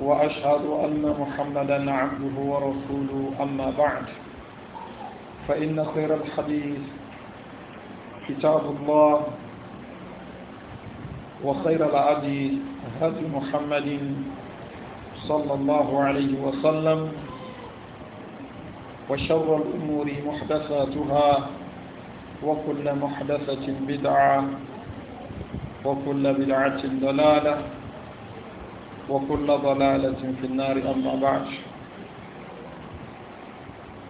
وأشهد أن محمدا عبده ورسوله أما بعد فإن خير الحديث كتاب الله وخير الأدي هدي محمد صلى الله عليه وسلم وشر الأمور محدثاتها وكل محدثة بدعة وكل بدعة ضلالة وكل ضلالة في النار أما بعد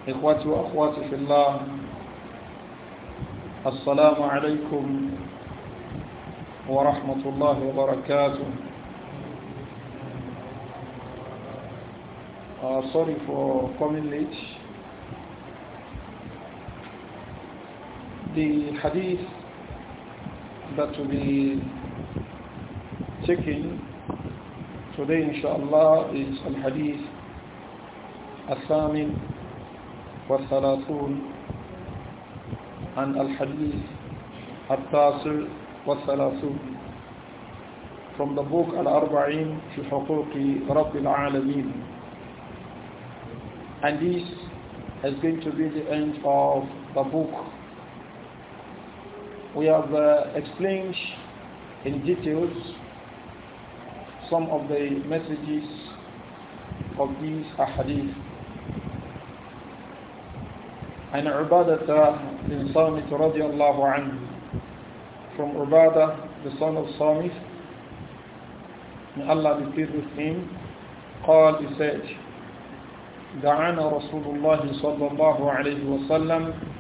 إخوتي وأخواتي في الله السلام عليكم ورحمة الله وبركاته Uh, sorry for coming late. The hadith that will be taken Today, inshallah, is Al Hadith Al-Thamin wa Thalathun and Al Hadith Al-Tasir wa Thalathun from the book Al-Arba'in fi Huquqi Rabbil Alameen. And this is going to be the end of the book. We have uh, explained in details some of the messages of these ahadith. عن عبادة بن صامت رضي الله عنه from Ubadah the son of Samit may Allah be pleased with him قال he said دعانا رسول الله صلى الله عليه وسلم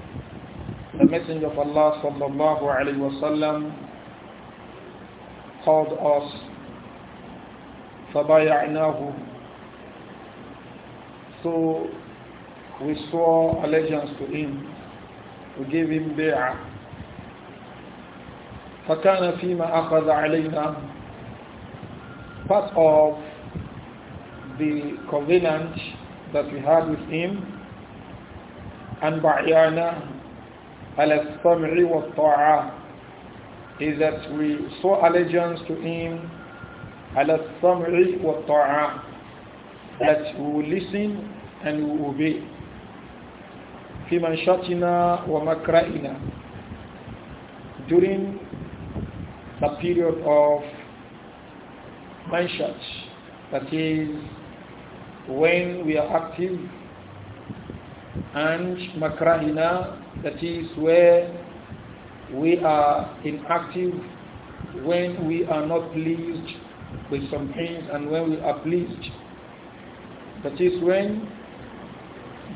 the messenger of Allah صلى الله عليه وسلم called us فَبَيَعْنَاهُ So we swore allegiance to him. We gave him bay'ah. فَكَانَ فِي مَا أَخَذَ عَلَيْنَا Part of the covenant that we had with him and بَعْيَانَا عَلَى السَّمْعِ وَالطَّاعَةِ is that we swore allegiance to him على السمع والطاعة that we will listen and we will obey في منشطنا ومكرئنا during the period of manshat that is when we are active and makraina, that is where we are inactive when we are not pleased with some pains, and when we are pleased. That is when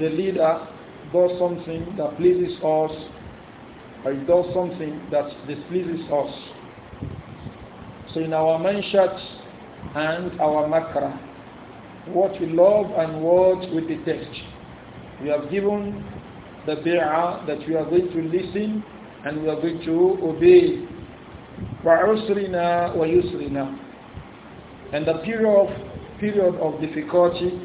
the leader does something that pleases us or he does something that displeases us. So in our manshat and our makra, what we love and what we detest. We have given the bi'ah that we are going to listen and we are going to obey. وعسرنا ويسرنا and the period of, period of difficulty,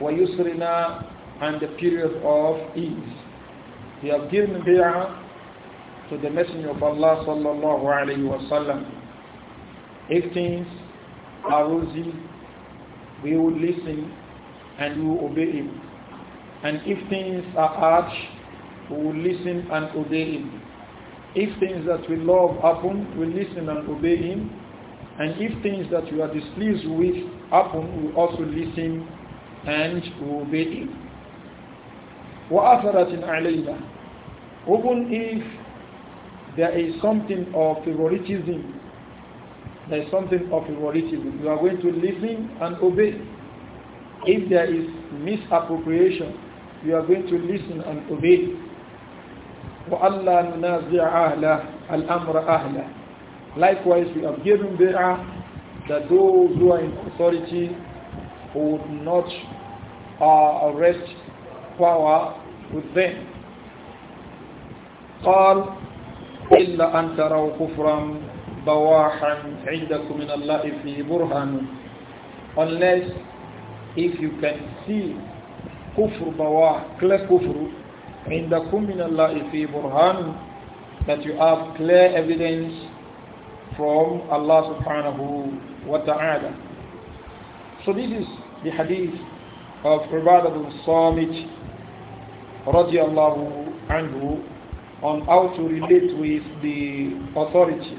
وَيُسْرِنَا and the period of ease. He have given bid'ah to the Messenger of Allah sallallahu alayhi wasallam. If things are rosy, we will listen and we will obey him. And if things are harsh, we will listen and obey him. If things that we love happen, we listen and obey him. And if things that you are displeased with happen, we also listen and we obey him. وَأَثَرَةٍ عَلَيْنَا Even if there is something of favoritism, there is something of favoritism, you are going to listen and obey. If there is misappropriation, you are going to listen and obey. وَأَلَّا نُنَازِعَ أَهْلَهُ الْأَمْرَ أَهْلَهُ Likewise, we have given there that those who are in authority would not uh, arrest power with them. قال إلا أن تروا كفرا بواحا عندكم من الله في برهان unless if you can see كفر بواح clear كفر عندكم من الله في برهان that you have clear evidence from Allah subhanahu wa ta'ala. So this is the hadith of Ubadah bin Samit radiallahu anhu on how to relate with the authority.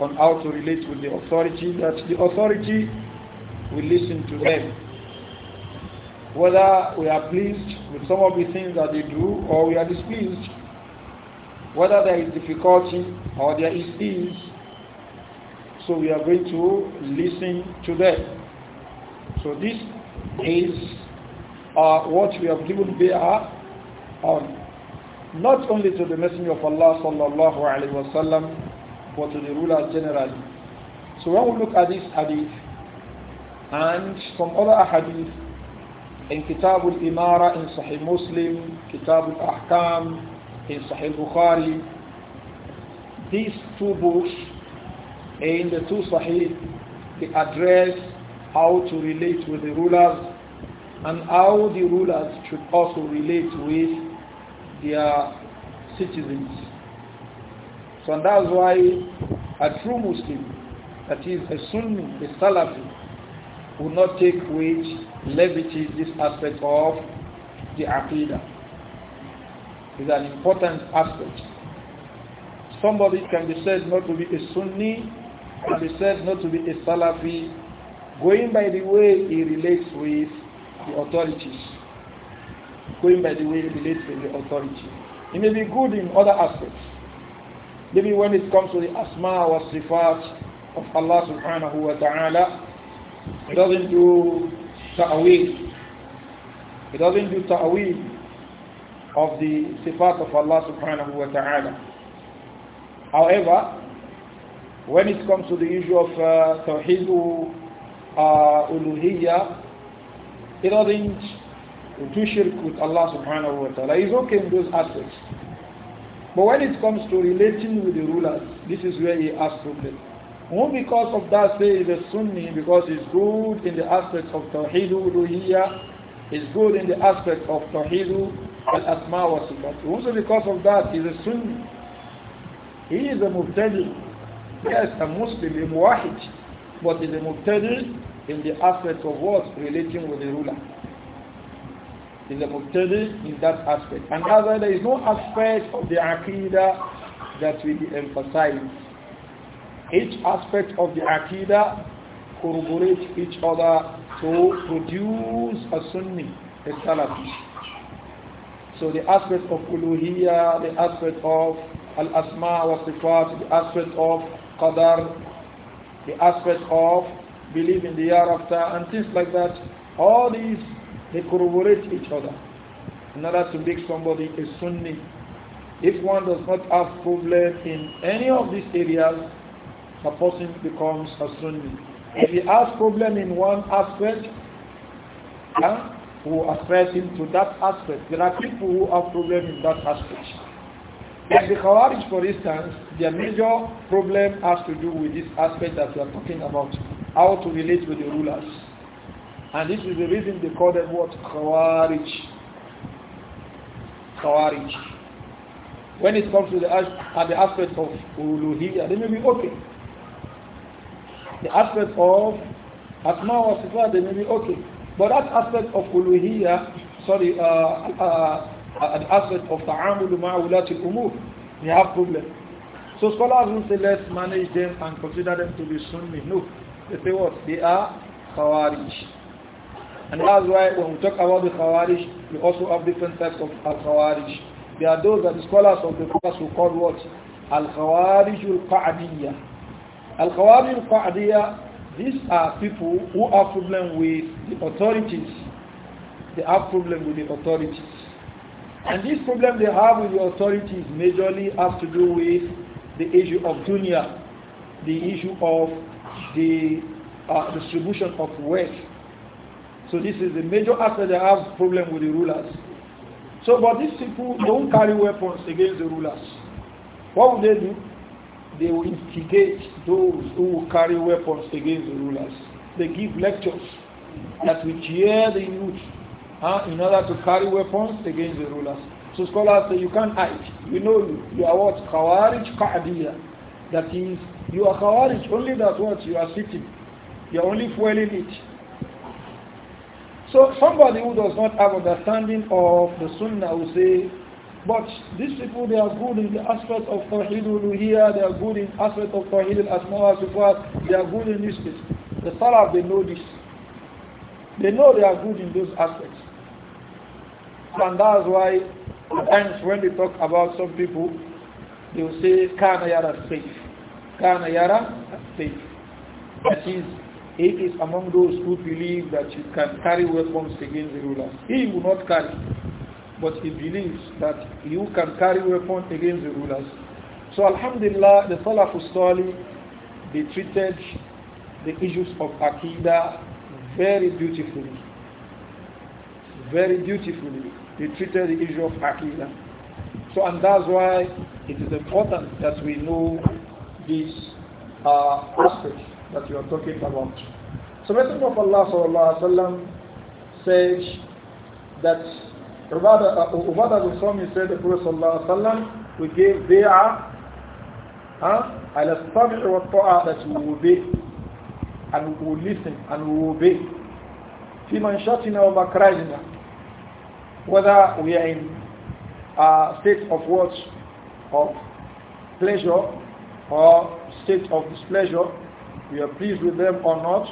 On how to relate with the authority, that the authority will listen to them. Whether we are pleased with some of the things that they do or we are displeased. Whether there is difficulty or there is ease so we are going to listen to them. So this is uh, what we have given bay'ah on. Not only to the Messenger of Allah sallallahu alaihi wasallam, but to the rulers generally. So when we look at this hadith and some other hadith in Kitab al-Imara in Sahih Muslim, Kitab al-Ahkam in Sahih Bukhari, these two books in the two Sahih, they address how to relate with the rulers and how the rulers should also relate with their citizens. So and that's why a true Muslim, that is a Sunni, a Salafi, will not take with levity this aspect of the Aqidah. It's an important aspect. Somebody can be said not to be a Sunni and said not to be a Salafi, going by the way he relates with the authorities. Going by the way he relates with the authority. He may be good in other aspects. Maybe when it comes to the asma or sifat of Allah subhanahu wa ta'ala, he doesn't do ta'wil. He doesn't do ta'wil of the sifat of Allah subhanahu wa ta'ala. However, when it comes to the issue of uh, Tawheedu uh, Uluhiyya, it doesn't do shirk with Allah subhanahu wa ta'ala. It's okay in those aspects. But when it comes to relating with the rulers, this is where he has problem. Not because of that say is a Sunni, because he's good in the aspects of Tawheed uluhiyya, he's good in the aspect of Tawheed al-Asma wa Sifat. Also because of that he's a Sunni. He is a Mubtadi. Yes, a Muslim, a muwahid, but is a muqtadi in the aspect of what? Relating with the ruler. Is a muqtadi in that aspect. And other, there is no aspect of the aqidah that we emphasize. Each aspect of the aqidah corroborates each other to produce a Sunni, a Salafi. So the aspect of uluhiyya, the aspect of al-asma wa sifat, the aspect of qadar, the aspect of belief in the hereafter, and things like that. All these, they corroborate each other in order to make somebody a Sunni. If one does not have problem in any of these areas, the person becomes a Sunni. If he has problem in one aspect, who ascribe him to that aspect. There are people who have problem in that aspect. Like the Khawarij, for instance, their major problem has to do with this aspect that we are talking about, how to relate with the rulers. And this is the reason they call them what? Khawarij. Khawarij. When it comes to the, uh, the aspect of uluhiyya, they may be okay. The aspect of asma wa sifat, they may be okay. But that aspect of uluhiyya, sorry, uh, uh, uh, the aspect of ta'amul ma'ulat al-umur. They have problem. So scholars will say let's manage them and consider them to be Sunni. No. They say what? They are Khawarij. And that's why when we talk about the Khawarij, we also have different types of Al-Khawarij. There are those that the scholars of the past who call what? Al-Khawarij al-Qa'diyya. Al-Khawarij al-Qa'diyya these are people who have problem with the authorities. They have problem with the authorities. And this problem they have with the authorities majorly has to do with the issue of dunya, the issue of the uh, distribution of wealth. So this is the major aspect they have problem with the rulers. So, but these people don't carry weapons against the rulers. What will they do? They will instigate those who carry weapons against the rulers. They give lectures that will cheer the youth in order to carry weapons against the rulers. So scholars say you can't hide. You know you, you are what? Khawarij Qa'diyya. That is, you are Khawarij, only that what? You are sitting. You are only fueling it. So somebody who does not have understanding of the Sunnah will say, but these people, they are good in the aspect of Tawheed uluhiyya they are good in aspect of Tawheed al-Asma wa they are good in this. The Salaf, they know this. They know they are good in those aspects and that's why sometimes when they talk about some people, they will say, Kana Yara safe. Kana Yara safe. That is, it is among those who believe that you can carry weapons against the ruler. He will not carry, but he believes that you can carry weapons against the rulers. So Alhamdulillah, the Salafus Salih, they treated the issues of Aqidah very beautifully very dutifully. He treated the issue of Aqidah. So, and that's why it is important that we know this uh, aspect that you are talking about. So, Messenger of Allah sallallahu alaihi wasallam says that Ubadah uh, bin Sami said, the Prophet sallallahu alaihi wasallam, we gave bi'ah huh? ala sami' wa ta'a that we will obey and we will listen and we will obey. فيما انشأتنا وما كرهنا whether we are in a state of what? Of pleasure or state of displeasure, we are pleased with them or not.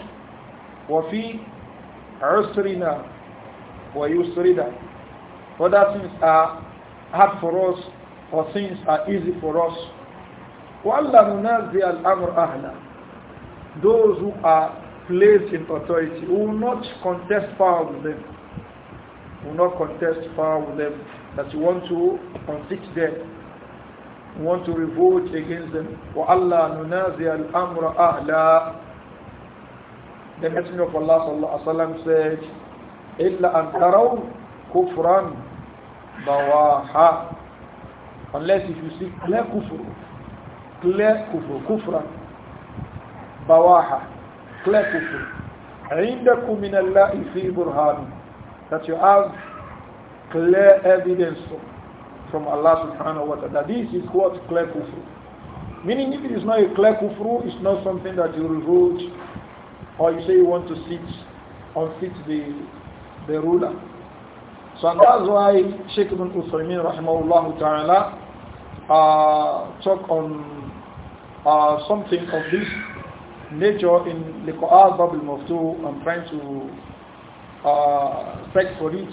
وَفِي عُسْرِنَا وَيُسْرِنَا Whether things are hard for us or things are easy for us. Those who are placed in authority, who will not contest power with them will not contest power with them, that you want to conflict them, you want to revolt against them. وَأَلَّا نُنَازِيَ amra أَهْلًا The Messenger of Allah وسلم, said, إِلَّا أَنْ تَرَوْا كُفْرًا بَوَاحًا Unless if you see clear kufr, clear kufr, kufran, بواحة clear kufr عندكم من الله في برهان that you have clear evidence from Allah subhanahu wa ta'ala. This is what clear kufru. Meaning if it is not a clear kufru, it's not something that you revolt or you say you want to sit or the, the ruler. So that's why Sheikh ibn Uthaymeen rahimahullah ta'ala uh, talk on uh, something of this nature in Liqa'at Bab al-Maftu. I'm trying to uh, search for it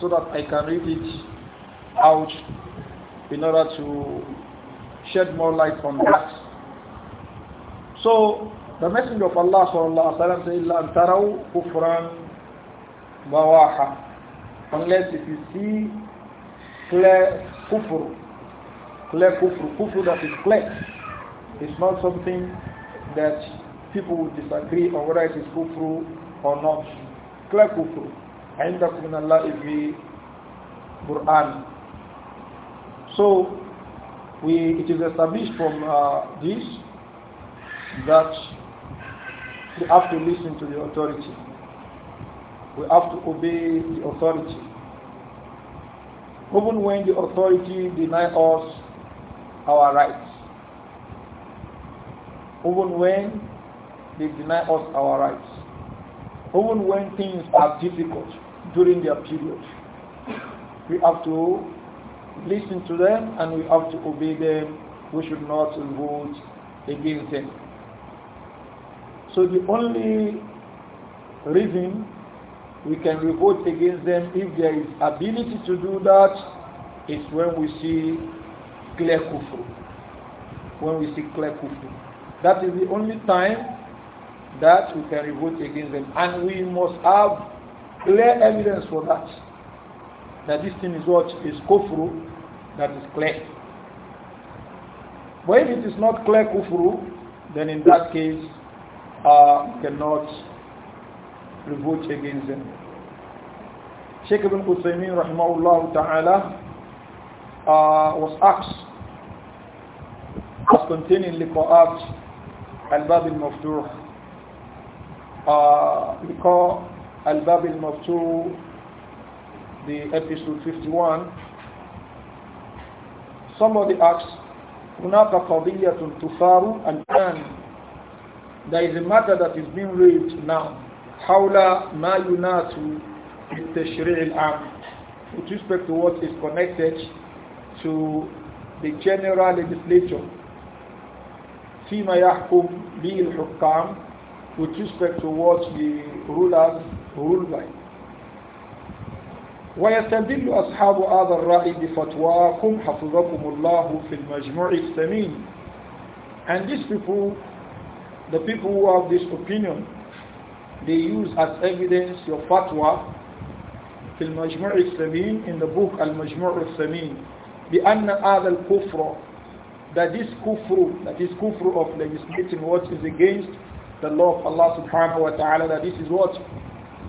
so that I can read it out in order to shed more light on that. So the Messenger of Allah sallallahu alaihi wasallam said, "Tarau kufran bawaha," unless if you see clear kufr, clear kufr, kufr that is clear. It's not something that people will disagree on whether it is kufr or not clear kufr عندكم من الله في Quran so we it is established from uh, this that we have to listen to the authority we have to obey the authority even when the authority deny us our rights even when they deny us our rights even when things are difficult during their period, we have to listen to them and we have to obey them. We should not vote against them. So the only reason we can revolt against them if there is ability to do that is when we see clear kufru. When we see clear kufru. That is the only time that we can revolt against them. And we must have clear evidence for that. That this thing is what is kufru, that is clear. But if it is not clear kufru, then in that case, uh, cannot revolt against them. Sheikh Ibn Uthaymeen rahimahullah ta'ala uh, was asked as containing liqa'at al-bab al-maftuh uh, because uh, Al-Bab al-Maftur, the episode 51, somebody asks, هناك قضية تثار الآن There is a matter that is being raised now حول ما يناس بالتشريع العام with respect to what is connected to the general legislature فيما يحكم به الحكام with respect to what the rulers rule by. ويستدل أصحاب هذا الرأي بفتواكم حفظكم الله في المجموع الثمين and these people the people who have this opinion they use as evidence your fatwa في المجموع الثمين in the book المجموع الثمين بأن هذا الكفر that this kufru that this kufru of legislating what is against the law of Allah subhanahu wa ta'ala that this is what?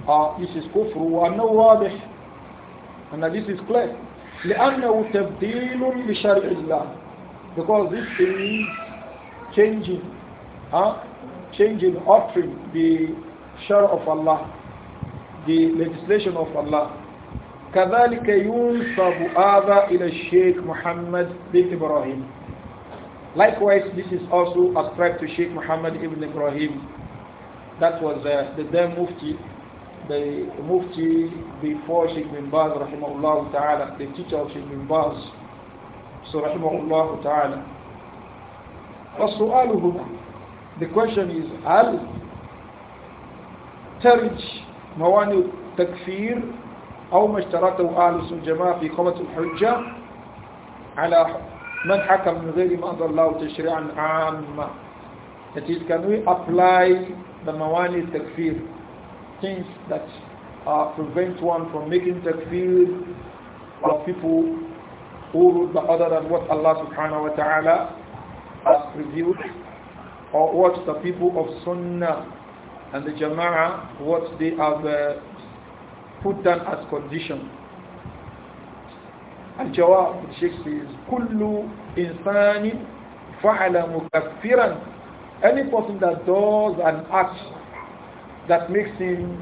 Uh, this is kufr no واضح and that this is clear لأنه تبديل لشرع الله because this is changing huh? changing altering the shara of Allah the legislation of Allah كذلك ينسب هذا إلى الشيخ محمد بن إبراهيم Likewise, this is also ascribed to Sheikh Muhammad ibn Ibrahim. That was uh, the then Mufti, the Mufti before Sheikh bin Baz, rahimahullah ta'ala, the teacher of Sheikh bin Baz. So, rahimahullah ta'ala. فالسؤال The question is, هل ترج موانع التكفير أو ما اشترته أهل السنة في قوة الحجة على من حكم من غير ما أنزل الله تشريعا عاما That is, can we apply the mawani takfir, things that uh, prevent one from making takfir of people who rule the other than what Allah subhanahu wa ta'ala has revealed, or what the people of sunnah and the jama'ah, what they have uh, put down as condition الجواب الشيخ says كل إنسان فعل مكفرا any person that does an act that makes him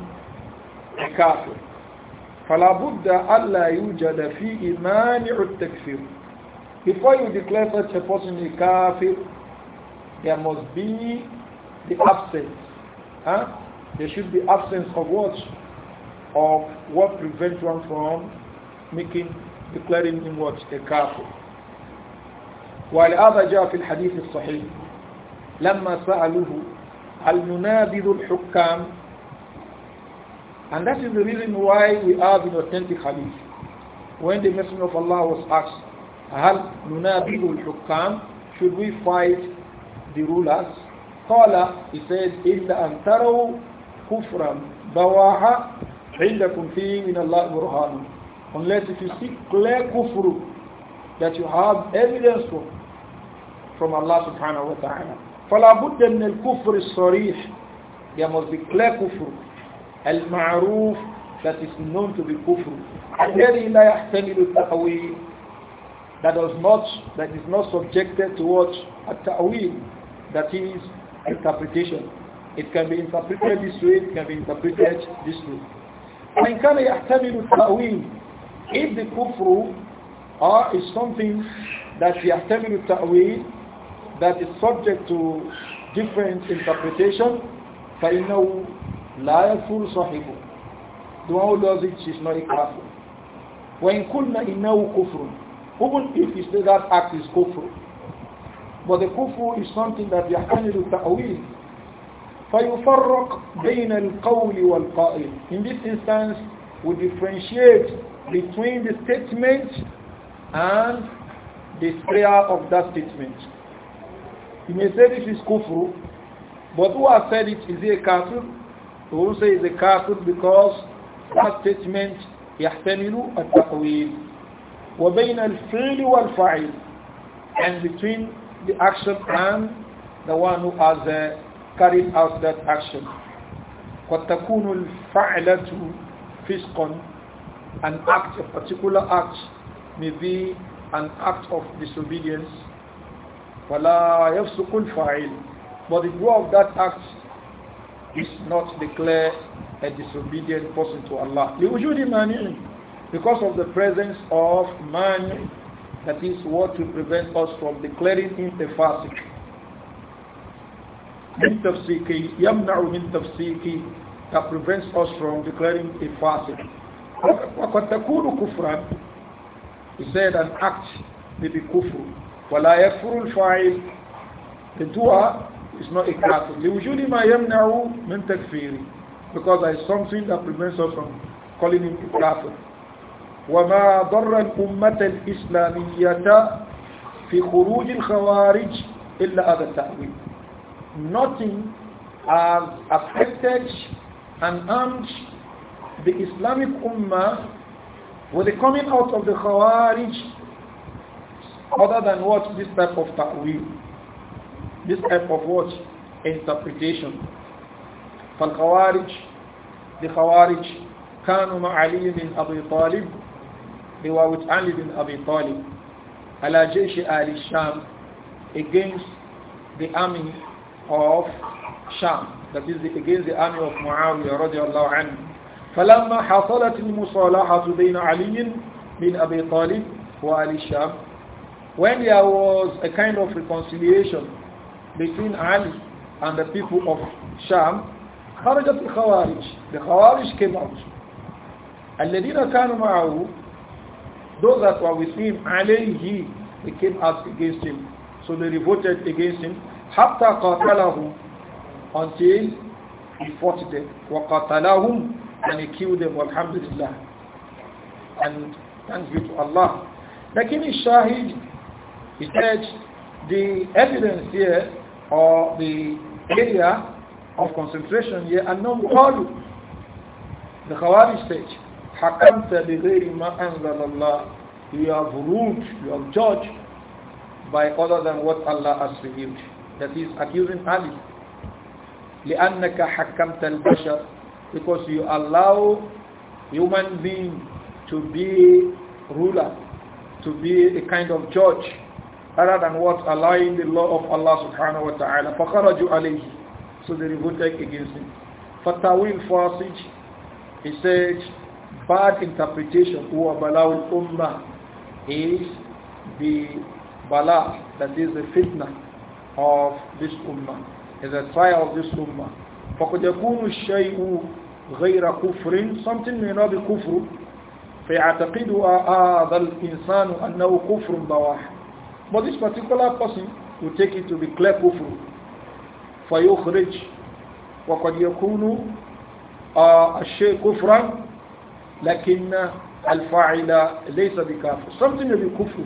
a kafir فلا بد أن ألا يوجد فيه مانع التكفير before you declare such a person a kafir there must be the absence huh? there should be absence of what of what prevents one from making declaring him what? A kafir. ولهذا جاء في الحديث الصحيح لما سألوه هل ننابذ الحكام And that is the reason why we have an authentic hadith. When the Messenger of Allah was asked, هل ننابذ الحكام Should we fight the rulers? قال, he said, إلا أن تروا كفرا بواحا عندكم فيه من الله برهان Unless if you see clear kufru that you have evidence for from Allah subhanahu wa ta'ala. فَلَا بُدَّ مِنَ الْكُفْرِ الصَّرِيحِ There must be clear kufru. Al-ma'ruf that is known to be kufru. الَّذِي لَا يَحْتَمِلُ التَّأْوِيلِ That does not, that is not subjected to what? At-ta'wil. That is interpretation. It can be interpreted this way, it can be interpreted this way. وإن كان يحتمل التأويل if the kufru or is something that we are telling يحتمل التأويل that is subject to different interpretation فإنه لا يكفر صاحبه The one who she is not a kafir. وإن كُلُّنَا إنه كفر Even if we say that act is kufr. But the kufr is something that we are telling يحتمل التأويل فيفرق بين القول والقائل In this instance, we differentiate between the statement and the prayer of that statement. You may say this is kufru, but who has said it is a kafir? Who will say it is a kafir because that statement يحتمل التقويل وبين الفعل والفعل and between the action and the one who has uh, carried out that action وتكون الفعلة فسقا an act, a particular act, may be an act of disobedience. But the goal of that act is not declare a disobedient person to Allah. Because of the presence of man, that is what will prevent us from declaring him a fasik. من تفسيقه يمنع من تفسيقه that prevents us from declaring a fasik. وقد كفرا He said an act may be but ولا يكفر الفاعل The dua is not a kafir لوجود ما يمنع من تكفيره because there is something that prevents us from calling him a kafir وما ضر الأمة الإسلامية في خروج الخوارج إلا هذا التأويل Nothing has affected an armed the Islamic Ummah were coming out of the Khawarij other than what this type of ta'wil, this type of what interpretation. فالخوارج the Khawarij كانوا مع علي بن أبي طالب they were with Ali bin Abi Talib على جيش آل الشام against the army of Sham that is against the army of Muawiyah رضي الله عنه فلما حصلت المصالحة بين علي بن أبي طالب وعلي الشام when there was a kind of reconciliation between Ali and the people of Sham خرجت الخوارج the Khawarij came out الذين كانوا معه those that were with him عليه they came out against him so they revolted against him حتى until he fought them وقاتلهم and he killed them, alhamdulillah. And thanks be to Allah. Lakini Shahid, he said, the evidence here, or the area of concentration here, and no qalu. The Khawarij said, حَكَمْتَ بِغَيْرِ مَا أَنْزَلَ اللَّهِ You have ruled, you have judged by other than what Allah has revealed. That is accusing Ali. لأنك حكمت البشر because you allow human being to be ruler, to be a kind of judge, rather than what allowing the law of Allah subhanahu wa ta'ala. فَخَرَجُوا عَلَيْهِ So they revolted against him. فَتَوِيل Fasij, he said, bad interpretation, هو بلاو الأمة is the bala, that is the fitna of this ummah, is the trial of this ummah. فَقَدْ يَكُونُ الشَّيْءُ غير كفر something may not be كفر فيعتقد هذا الإنسان أنه كفر بواح but this particular person will take it to be clear كفر فيخرج وقد يكون الشيء كفرا لكن الفاعل ليس بكافر something may be كفر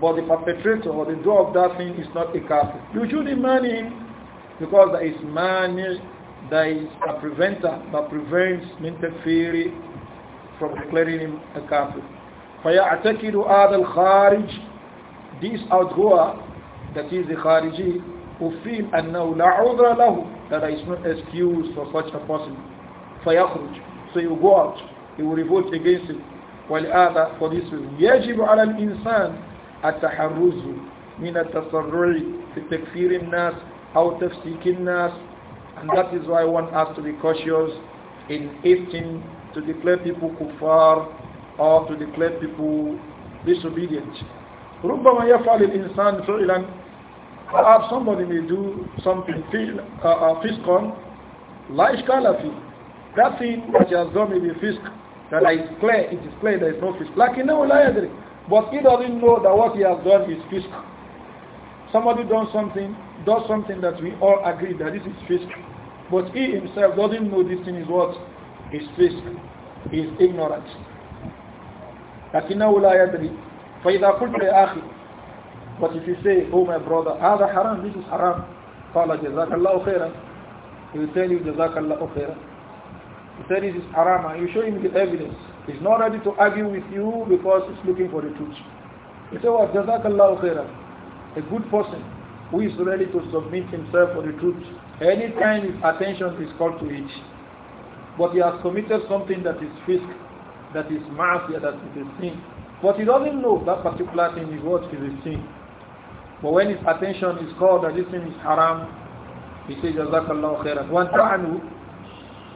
but the perpetrator or the doer of that thing is not a kafir you should imagine because there is mani there is a preventer that prevents mental takfiri from declaring him a kafir. فَيَعْتَكِدُ هَذَا الْخَارِجِ This outgoer, that is the khariji, who feel أَنَّهُ لَا عُذْرَ لَهُ That there is no excuse for such a person. فَيَخْرُجُ So he will go out, he will revolt against him. ولهذا for this reason يجب على الإنسان التحرز من التسرع في تكفير الناس أو تفسيك الناس and that is why I want us to be cautious in hasting to declare people kuffar or to declare people disobedient. ربما يفعل الإنسان فعلا Perhaps somebody may do something fiscal, لا إشكال فيه. That thing that he has done may be fisk, that is clear, it is clear there is no fisk. لكنه لا يدري. But he doesn't know that what he has done is fisk. Somebody done something, does something that we all agree that this is fisk. But he himself doesn't know this thing is what is fisk, is ignorant. لكنه لا يدري فإذا قلت يا But if you say, oh my brother, هذا haram, this is haram, قال جزاك الله خيرا He will tell you جزاك الله خيرا He said this is haram and you show him the evidence. He's not ready to argue with you because he's looking for the truth. He said, well, جزاك الله خيرا A good person who is ready to submit himself for the truth. Anytime his attention is called to it. But he has committed something that is fisk, that is mafia, that is a sin. But he doesn't know that particular thing is what is a sin. But when his attention is called that this thing is haram, he says, Jazakallah khairan. One ta'anu,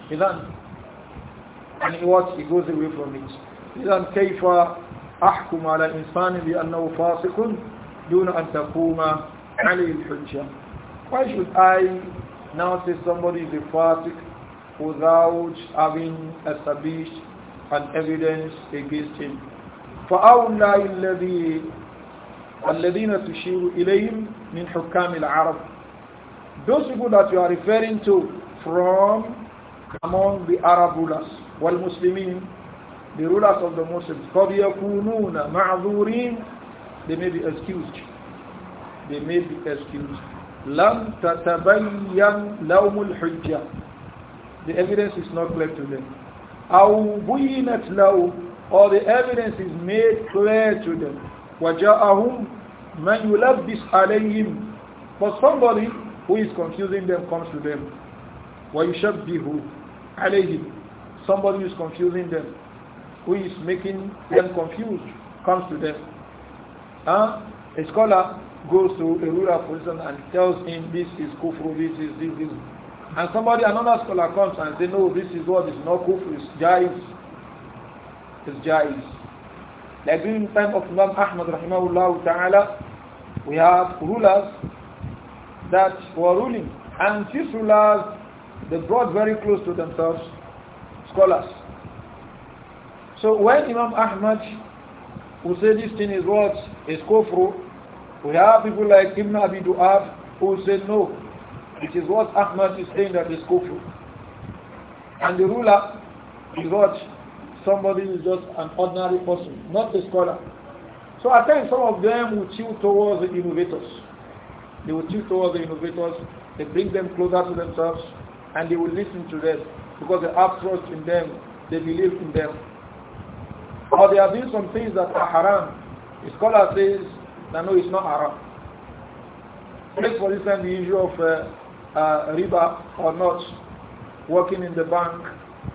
he done. And he what? He goes away from it. then كيف أحكم على إنسان بأنه فاسق دون أن تقوم alayhi al-hujjah. Why should I now say somebody is a fasiq without having established an evidence against him? فأولى الذي الذين تشير إليهم من حكام العرب Those people that you are referring to from among the Arab rulers Muslimin, the rulers of the Muslims قد يكونون معذورين they may be excused they may be excused. لَمْ تَتَبَيَّنْ لَوْمُ الْحُجَّةِ The evidence is not clear to them. أَوْ بُيِّنَتْ لَوْ Or the evidence is made clear to them. وَجَاءَهُمْ مَنْ يُلَبِّسْ alayhim. But somebody who is confusing them comes to them. وَيُشَبِّهُ alayhim. Somebody who is confusing them, who is making them confused, comes to them. Huh? Ah, a scholar goes to a rural person and tells him this is kufru, this is this, this. And somebody, another scholar comes and says, no, this is what is not kufru, it's jais. It's jais. Like during the time of Imam Ahmad rahimahullah ta'ala, we have rulers that were ruling. And these rulers, they brought very close to themselves scholars. So when Imam Ahmad who said this thing is what is kufru, we have people like Ibn Abi Du'af who say no. It is what Ahmad is saying that is Kufu. And the ruler is what? Somebody is just an ordinary person, not a scholar. So I think some of them will tilt towards the innovators. They will tilt towards the innovators. They bring them closer to themselves and they will listen to them because they have trust in them. They believe in them. Or they are doing some things that are haram. The scholar says now, no, it's not haram. Take for instance the issue of uh, uh, riba or not, working in the bank,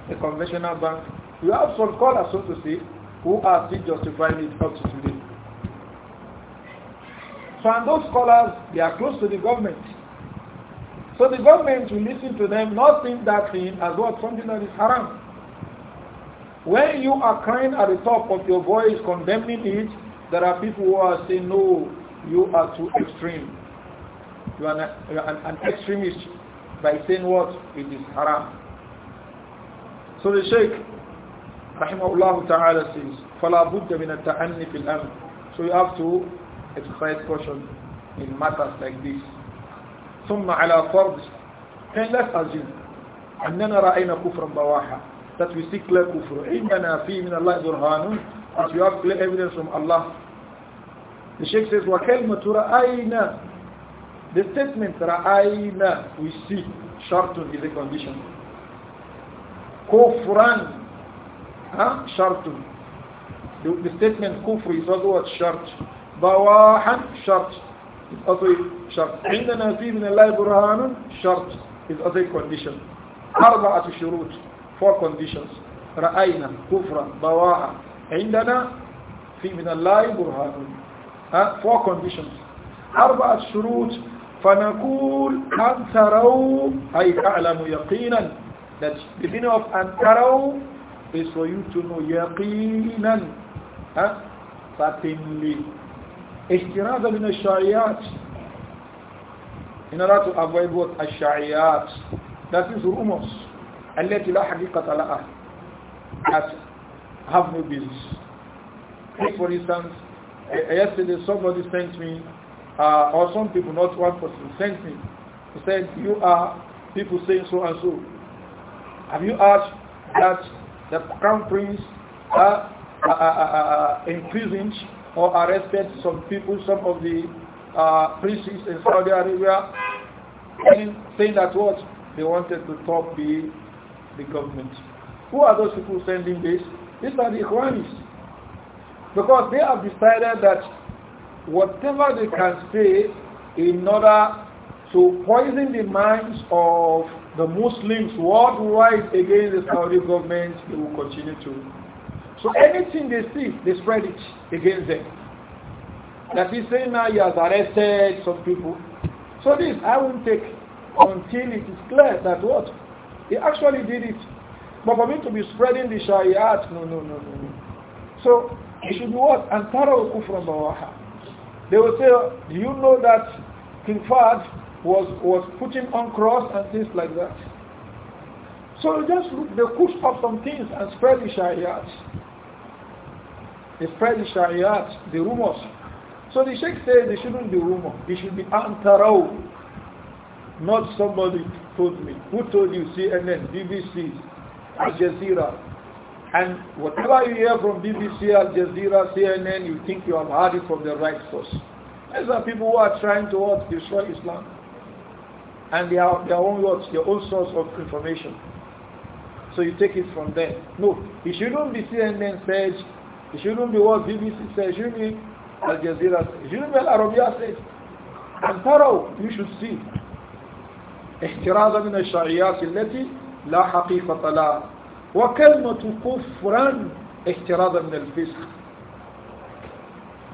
a conventional bank. You have some scholars, so to say, who are still justifying it up to today. So and those scholars, they are close to the government. So the government will listen to them, not think that thing as what well, something that is haram. When you are crying at the top of your voice condemning it, there are people who are saying, no, you are too extreme. You are, not, you are an, an, extremist by saying what? It is haram. So the Sheikh, rahimahullah ta'ala says, فَلَا بُدَّ مِنَ التَّأَنِّ فِي الْأَمْرِ So you have to exercise caution in matters like this. ثُمَّ عَلَى فَرْضِ Then let's assume, أَنَّنَا رَأَيْنَا كُفْرًا بَوَاحًا That we see clear kufr. إِنَّنَا فِي مِنَ اللَّهِ ذُرْهَانٌ as you have clear evidence from Allah. The Sheikh says, وَكَلْمَةُ رَأَيْنَا The statement رَأَيْنَا We see. Shartun is a condition. Kufran. Huh? Shartun. The, the statement kufr is also what shart. Bawahan shart. It's also shart. عندنا في من الله برهان shart. is also a condition. أربعة شروط. Four conditions. رأينا كفرا بواعا عندنا في من الله برهان four conditions أربعة شروط فنقول أن تروا أي تعلم يقينا that the meaning of أن تروا is for you to know يقينا ها certainly اجتناب من الشعيات in order to avoid what الشعيات that is rumors التي لا حقيقة لها as have no business. for instance, eh, eh, yesterday somebody sent me, uh, or some people, not one person, sent me, he said, you are people saying so and so. Have you asked that the crown prince uh, uh, uh, imprisoned or arrested some people, some of the uh, princes in Saudi Arabia, saying that what? They wanted to top the, the government. Who are those people sending this? These are the Ikhwanis. Because they have decided that whatever they can say in order to poison the minds of the Muslims worldwide against the Saudi government, they will continue to. So anything they see, they spread it against them. That is saying now he has arrested some people. So this I won't take until it is clear that what? He actually did it. But for me to be spreading the shariat, no, no, no, no. So it should be what? Antara from bawaha. They will say, do you know that King Fahd was, was putting on cross and things like that? So just look, they push up some things and spread the shariat. They spread the shariat, the rumors. So the sheikh says they shouldn't be rumor. It should be antaraw. Not somebody told me. Who told you CNN, BBC, Al Jazeera. And whatever you hear from BBC, Al Jazeera, CNN, you think you have heard it from the right source. These are people who are trying to what, destroy Islam. And they are their own words, their own source of information. So you take it from them. No, it shouldn't be CNN said, it shouldn't be what BBC says, it shouldn't be Al Jazeera said, it shouldn't be Al Arabiya said. And thorough, you should see. من التي لا حقيقة لا وكلمة كفرا احتراضا من الفسق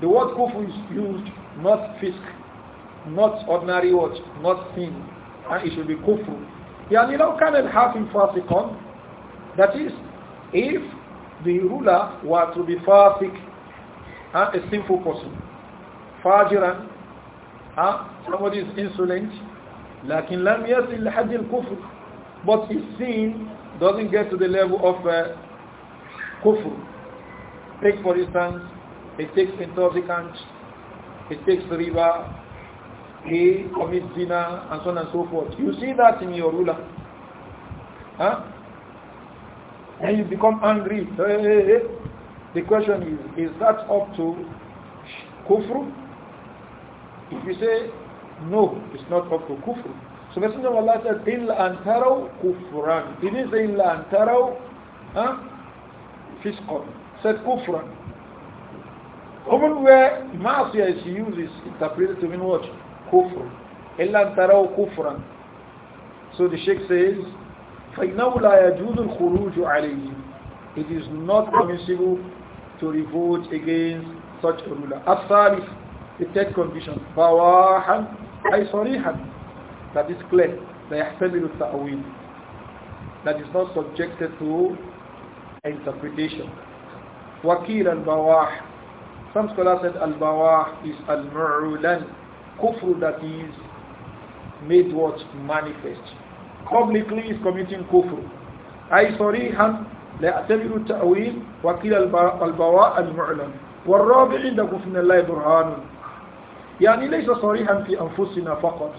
The word kufr is used not fisk, not ordinary words, not sin, and ah, it should be kufr. يعني لو كان الحاكم فاسقا that is if the ruler were to be fasiq uh, ah, a sinful person fajiran uh, ah, somebody is insolent لكن لم يصل لحد الكفر but his sin doesn't get to the level of uh, kufr. Take for instance, he takes intoxicants, he takes riba, he commits zina, and so on and so forth. You see that in your ruler. Huh? And you become angry. Hey, hey, hey. The question is, is that up to kufr? If you say, no, it's not up to kufr, so Messenger of Allah said, إِلَّا أَن تَرَوْا kufran." He didn't say إِلَّا أَن تَرَوْا said kufran. Even where ma'asiyah is used is interpreted to mean what? Kufr. إِلَّا أَن kufran. So the Sheikh says, فَإِنَّهُ لَا يَجُودُ الْخُرُوجُ عَلَيْهِ It is not permissible to revolt against such a ruler. الثالث, the third condition, بَوَاحًا أي صَرِيحًا that is clear la yahtamilu ta'wil that is not subjected to interpretation wakil al-bawah some scholars said al-bawah is al-mu'lan kufr that is made what manifest publicly is committing kufr ay sarihan لا يعتبر التأويل وكلا البواء المعلن والرابع عندكم من الله برهان يعني ليس صريحا في أنفسنا فقط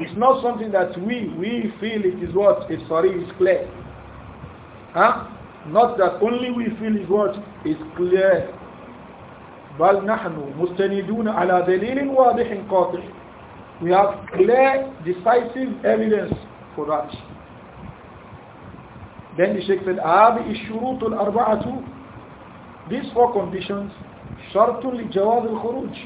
it's not something that we, we feel it is what is sorry is clear. Huh? Not that only we feel is what is clear. بل نحن مستندون على دليل واضح قاطع. We have clear, decisive evidence for that. Then the Sheikh said, هذه الشروط الأربعة These four conditions شرط لجواز الخروج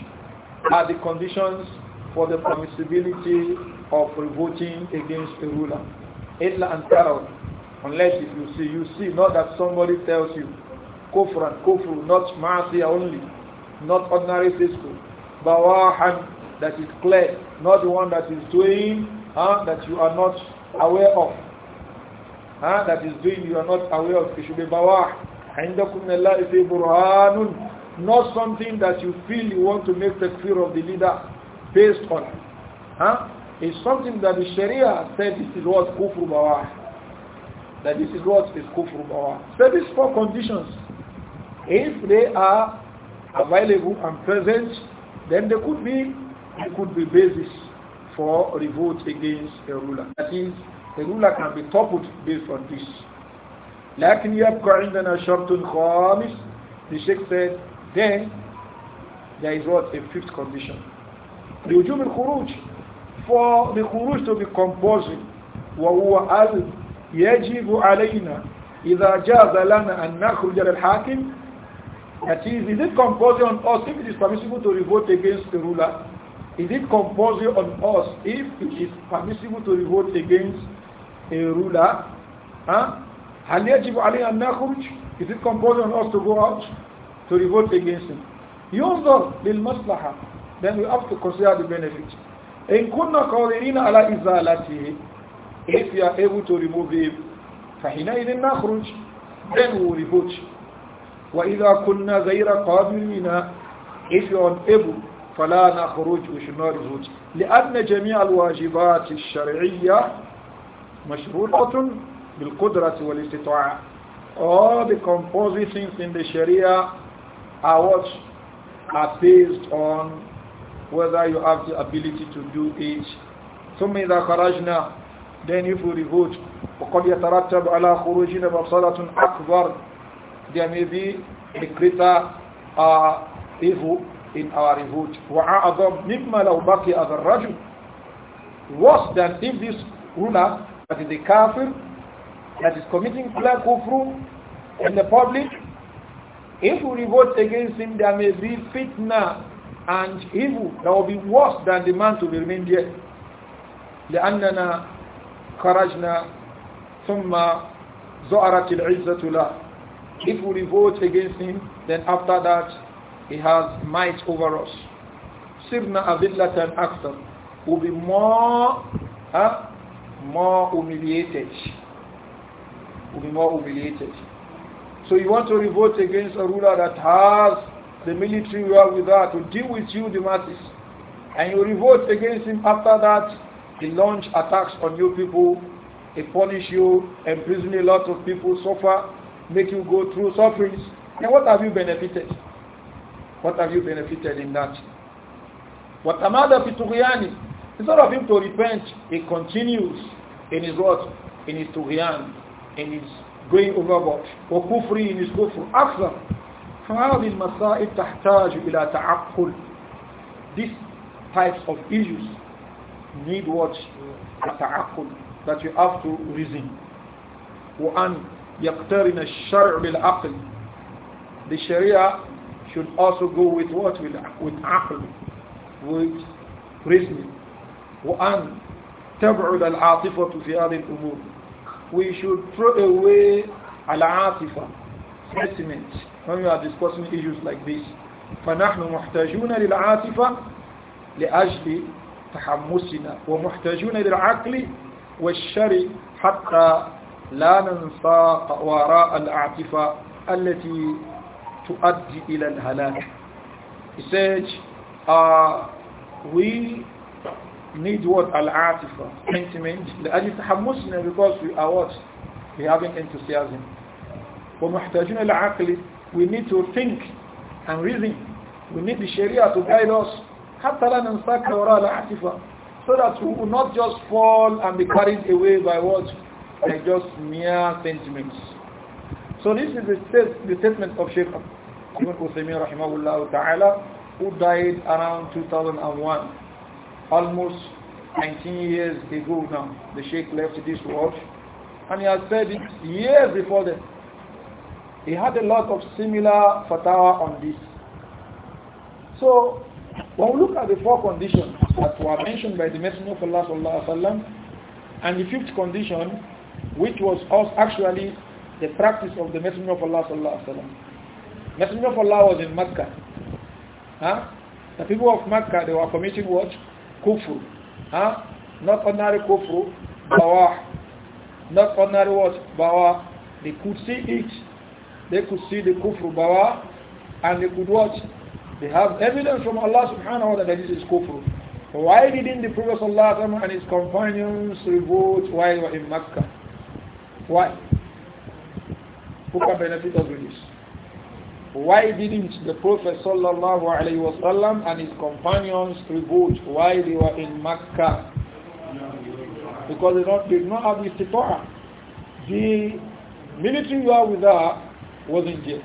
are the conditions for the permissibility of revolting against a ruler. Hitler and Karol, unless if you see, you see, not that somebody tells you, kufr and kufr, not ma'asiyah only, not ordinary fiscal, bawahan, that is clear, not the one that is doing, huh, ah, that you are not aware of. Huh, ah, that is doing you are not aware of. It should be bawah. not something that you feel you want to make the fear of the leader based on huh? It's something that the Sharia said this is what kufru bawah. That this is what is kufru bawah. So these four conditions, if they are available and present, then they could be they could be basis for revolt against a ruler. That is, a ruler can be toppled based on this. لكن يبقى عندنا شرط خامس the Sheikh said then there is what a fifth condition لوجوب الخروج for the khuruj to be compulsory وهو al يجب علينا إذا جاز لنا أن نخرج للحاكم that is, is it compulsory on us if it is permissible to revolt against the ruler? Is it compulsory on us if it is permissible to revolt against a ruler? Huh? Is it compulsory on us to go out to revolt against him? ينظر للمصلحة then we have to consider the benefit. In kunna qadirina ala izalati, if you are able to remove it, Then we will report. وَإِذَا كُنَّا غَيْرَ قَابِلِينَ If you are unable, فَلَا نَخْرُجْ We should not لأن جميع الواجبات الشرعية مشروطة بالقدرة والاستطاعة all the composite things in the Sharia are what are based on whether you have the ability to do it. ثم إذا خرجنا then if we revolt وقد يترتب على خروجنا مفصلة أكبر there may be a greater uh, evil in our revolt وأعظم مما لو بقي هذا الرجل worse than if this ruler that is a kafir that is committing black kufru in the public if we revolt against him there may be fitna and evil that will be worse than the man to remain there لأننا خرجنا ثم زعرت العزة له if we revolt against him then after that he has might over us sirna adillatan akthar will be more huh, more humiliated will be more humiliated so you want to revolt against a ruler that has the military wherewithal to deal with you, the masses. And you revolt against him after that, he launch attacks on you people, he punish you, imprison a lot of people, suffer, make you go through sufferings. And what have you benefited? What have you benefited in that? What Amada Pituriani, instead of him to repent, he continues in his what? In his Turian, in his going overboard, or kufri in his kufr, aksam. هذه المسائل تحتاج إلى تعقل These types of issues need what? التعقل that you have to reason وأن يقترن الشرع بالعقل The Sharia should also go with what? With, with عقل with reasoning وأن تبعد العاطفة في هذه الأمور We should throw away العاطفة sentiment when we are discussing issues like this. فنحن محتاجون للعاطفة لأجل تحمسنا ومحتاجون للعقل والشرع حتى لا ننسى وراء العاطفة التي تؤدي إلى الهلاك. He says, uh, we need what al-atifa, sentiment, لأجل تحمسنا because we are what? We having enthusiasm. ومحتاجون للعقل we need to think and reason. We need the Sharia to guide us. So that we will not just fall and be carried away by what? By just mere sentiments. So this is the, state, the statement of Sheikh Ibn Uthaymeen rahimahullah ta'ala who died around 2001, almost 19 years ago now. The Sheikh left this world and he has said it years before that. He had a lot of similar fatwa on this. So when we look at the four conditions that were mentioned by the Messenger of Allah sallallahu alaihi wasallam, and the fifth condition, which was actually the practice of the Messenger of Allah sallallahu alaihi wasallam. Messenger of Allah was in Mecca. Huh? The people of Mecca they were committing what? kufr, Huh? Not ordinary kufr, bawah. Not ordinary what? Bawah. They could see it they could see the kufr bawa and they could watch. They have evidence from Allah subhanahu wa ta'ala that this is kufr. Why didn't the Prophet sallallahu and his companions revolt while they were in Mecca? Why? Who can benefit us with this? Why didn't the Prophet sallallahu alaihi wasallam and his companions revolt while they were in Mecca? Because they, did not have the istita'ah. The military were with her was in jail.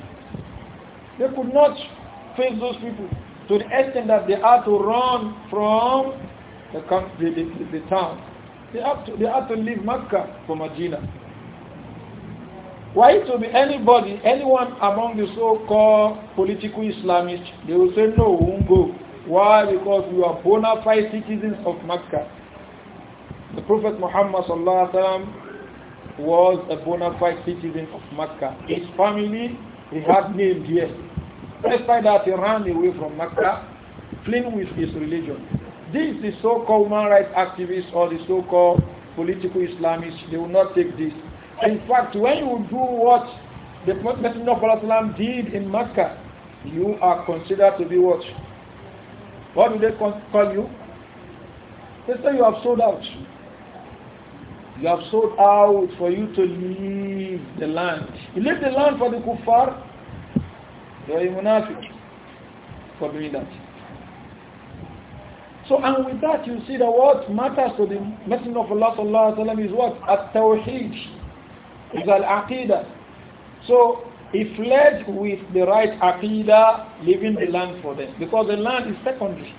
They could not face those people to the extent that they had to run from the, country, the, the, the town. They had, to, they had to leave Mecca for Medina. Why to be anybody, anyone among the so-called political Islamists, they will say, no, we won't go. Why? Because we are bona fide citizens of Mecca. The Prophet Muhammad sallallahu alaihi sallam was a bona fide citizen of Mecca. His family, he had named here. Despite that, he ran away from Mecca, fleeing with his religion. This the so-called human rights activists or the so-called political Islamists, they will not take this. In fact, when you do what the Messenger of Allah did in Mecca, you are considered to be what? What do they call you? They say you have sold out. You have sold out for you to leave the land. You leave the land for the kuffar, you are a munafiq for doing that. So and with that you see that what matters to the Messenger of Allah sallallahu Wa wasallam is what? At-tawheed. Is al-aqidah. So he fled with the right aqidah, leaving the land for them. Because the land is secondary.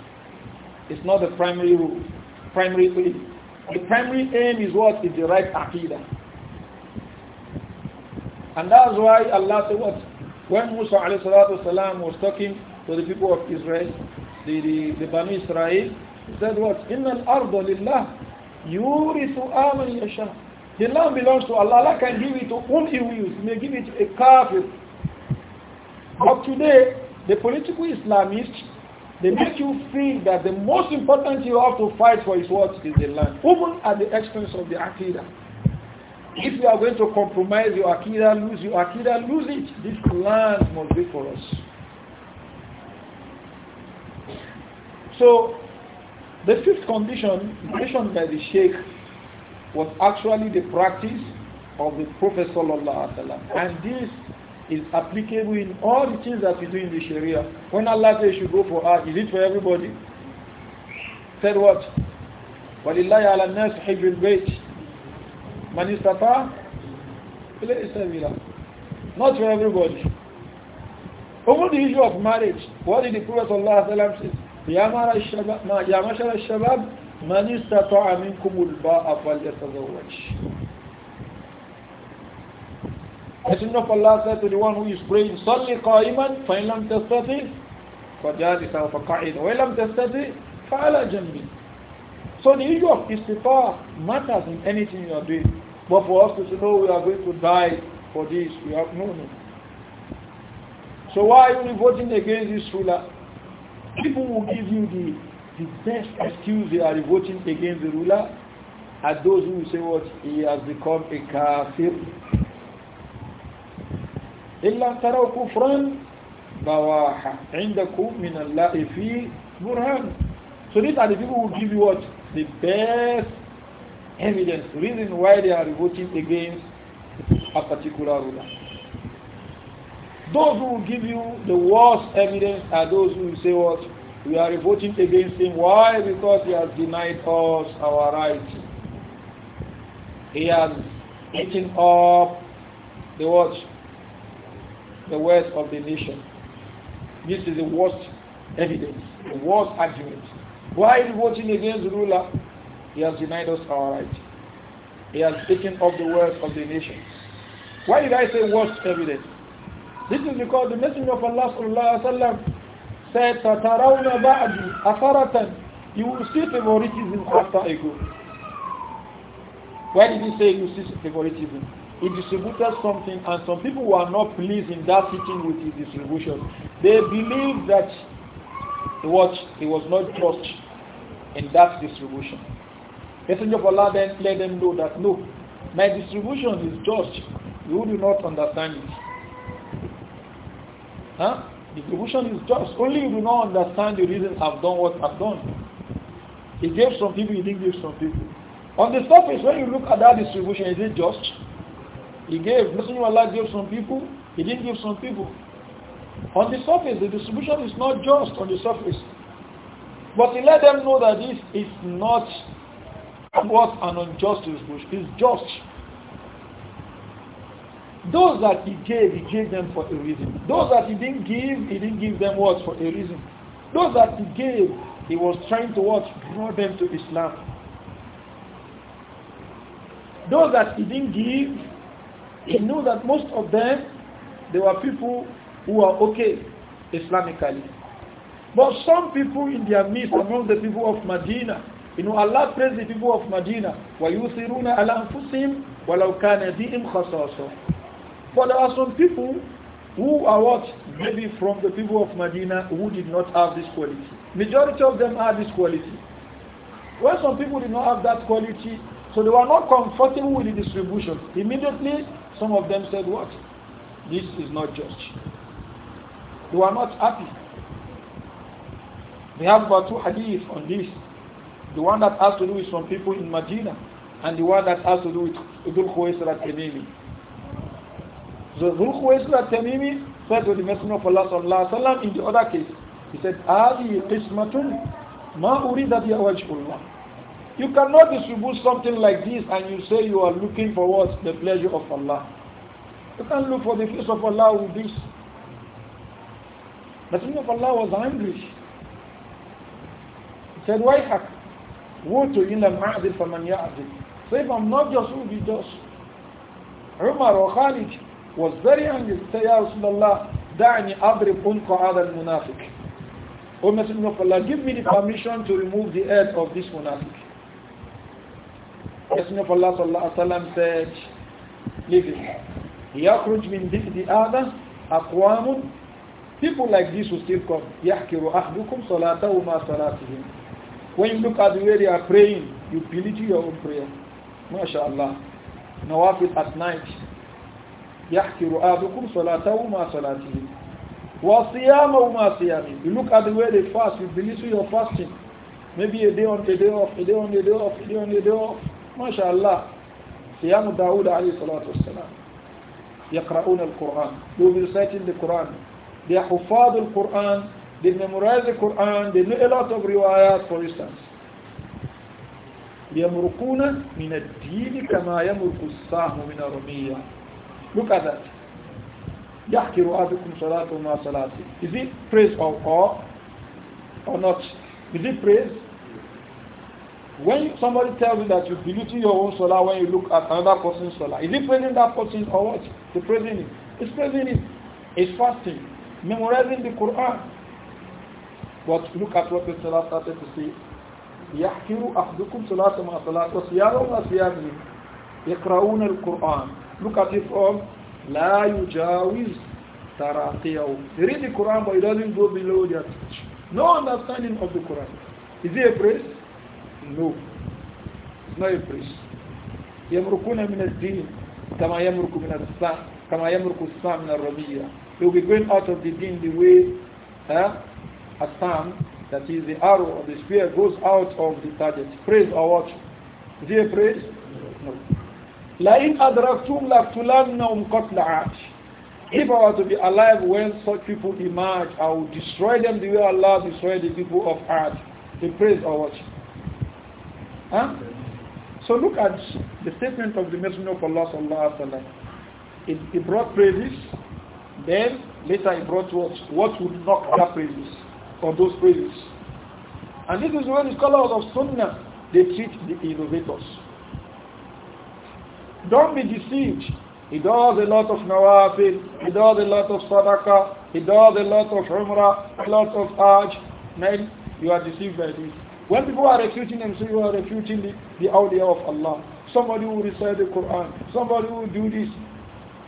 It's not the primary rule, primary thing. The primary aim is what? Is the right aqidah. And that's why Allah said what? When Musa والسلام, was talking to the people of Israel, the, the, the Bani Israel, he said what? Inna al-ardu lillah yurithu aman yasha. The land belongs to Allah. Allah can give it to whom He wills. He may give it to a kafir. But today, the political Islamists they make you feel that the most important you have to fight for is what is the land, even at the expense of the akira. If you are going to compromise your akira, lose your akira, lose it. This land must be for us. So, the fifth condition mentioned by the Sheikh was actually the practice of the Prophet sallallahu alaihi wasallam, and this is applicable in all the things that we do in the Sharia. When Allah says you should go for Hajj, is it for everybody? Said what? وَلِلَّهِ عَلَى النَّاسِ حِجُّ الْبَيْتِ مَنْ إِسْتَطَاعَ إِلَيْهِ سَبِيلًا Not for everybody. Over the issue of marriage, what did the Prophet ﷺ say? يَا مَعْشَرَ الشَّبَابِ مَنْ إِسْتَطَاعَ مِنْكُمُ الْبَاءَ فَلْيَتَزَوَّجْ Messenger of Allah said to the one who is praying, صَلِّ قَائِمًا فَإِنْ لَمْ تَسْتَطِعْ فَجَالِسًا فَقَعِدًا وَإِنْ لَمْ تَسْتَطِعْ فَعَلَى jambi." So the issue of istighfar matters in anything you are doing. But for us to know oh, we are going to die for this, we have no, need. So why are you revolting against this ruler? People will give you the, the best excuse they are revolting against the ruler are those who say what he has become a kafir إلا تروا كفرا بواحا عندكم من الله في برهان So these are the people who give you The best evidence, reason why they are voting against a particular ruler. Those who will give you the worst evidence are those who say what? We are voting against him. Why? Because he has denied us our rights. He has eaten up the watch the words of the nation. This is the worst evidence, the worst argument. Why is voting against the ruler? He has denied us our right. He has taken up the words of the nation. Why did I say worst evidence? This is because the Messenger of Allah sallallahu alaihi wasallam said, "Tatarawna ba'di asaratan." You will see favoritism after a go. Why did he say you see favoritism? he distributed something and some people were not pleased in that sitting with his distribution. They believed that what he was not just in that distribution. Messenger of Allah then let them know that no, my distribution is just. You do not understand it. Huh? Distribution is just. Only you do not understand the reason I've done what I've done. He gave some people, he didn't give some people. On the surface, when you look at that distribution, is it just? He gave. Listen, of Allah gave some people. He didn't give some people. On the surface, the distribution is not just on the surface. But he let them know that this is not what an unjust distribution. It's just. Those that he gave, he gave them for a reason. Those that he didn't give, he didn't give them what? For a reason. Those that he gave, he was trying to what? Draw them to Islam. Those that he didn't give, he knew that most of them, they were people who are okay Islamically. But some people in their midst, among the people of Medina, you know, Allah praised the people of Medina. وَيُثِرُونَ عَلَى أَنفُسِهِمْ وَلَوْ كَانَ بِهِمْ خَصَاصًا But there are some people who are what? Maybe from the people of Medina who did not have this quality. Majority of them had this quality. When some people did not have that quality, so they were not comfortable with the distribution. Immediately, some of them said, What? This is not just. They were not happy. They have about two hadith on this. The one that has to do with some people in Medina, and the one that has to do with Dhul Khuwaisir al-Tamimi. So Dhul Khuwaisir al-Tamimi said to the Messenger of Allah sallallahu alaihi wasallam in the other case, he said, هذه قسمة ما أريد بها وجه you cannot distribute something like this and you say you are looking for what? The pleasure of Allah. You can't look for the face of Allah with this. The Messenger of Allah was angry. He said, Why hak? Woe to in the ma'adil faman ya'adil. So if I'm not just, who be just? Umar or Khalid was very angry. He said, Ya Rasulallah, da'ni adrib unqa ala al-munafiq. O Messenger of Allah, give me the permission to remove the head of this monastic. Messenger of Allah sallallahu alaihi wasallam said, leave it. يخرج من ذكر هذا أقوام People like this will still come. يحكر أحدكم صلاته ما صلاتهم. When you look at the way they are praying, you belittle your own prayer. MashaAllah. Nawafil at night. يحكر أحدكم صلاته ما صلاتهم. وصيامه ما صيامه. You look at the way they fast, you belittle your fasting. Maybe a day on, a day off, a day on, a day off, a day on, a day off. ما شاء الله صيام داود عليه الصلاة والسلام يقرؤون القرآن يوبلسيتين القرآن دي حفاظ القرآن دي ميمورايز القرآن دي نو إلوت أوف روايات فور إنستانس يمرقون من الدين كما يمرق السهم من الرمية Look at that. يحكي رؤادكم صلاة وما صلاة. Is it praise or, or, or not? Is it praise? When somebody tells you that you belittle your own salah when you look at another person's salah, is it praising that person or what? The praising is, It's praising him. It's fasting, memorizing the Quran. But look at what the salah started to say. يحكر أحدكم صلاة مع صلاة وصيامه مع صيامه يقرؤون القرآن look at it from لا يجاوز تراقيهم they read the Quran but it doesn't go below their teach no understanding of the Quran is it a praise no. It's not a praise. يمرقون من الدين كما يمرق من السام كما يمرق السام من الربيع. They will be going out of the deen the way huh, eh, a Sam, that is the arrow or the spear, goes out of the target. Praise or what? Is it a praise? No. لَإِنْ أَدْرَكْتُمْ لَقْتُلَنَّهُمْ قَتْلَ عَاشٍ If I were to be alive when such people emerge, I will destroy them the way Allah destroyed the people of Ad. The praise or what? Huh? So look at the statement of the Messenger of Allah sallallahu alaihi wasallam. It, it brought praises, then later it brought what? What would knock that praises or those praises? And this is where the scholars of Sunnah they treat the innovators. Don't be deceived. He does a lot of nawafil, he does a lot of sadaqah, he does a lot of umrah, a lot of hajj. Man, you are deceived by this. When people are refuting them, so you are refuting the, the awliya of Allah. Somebody who recite the Quran. Somebody who do this.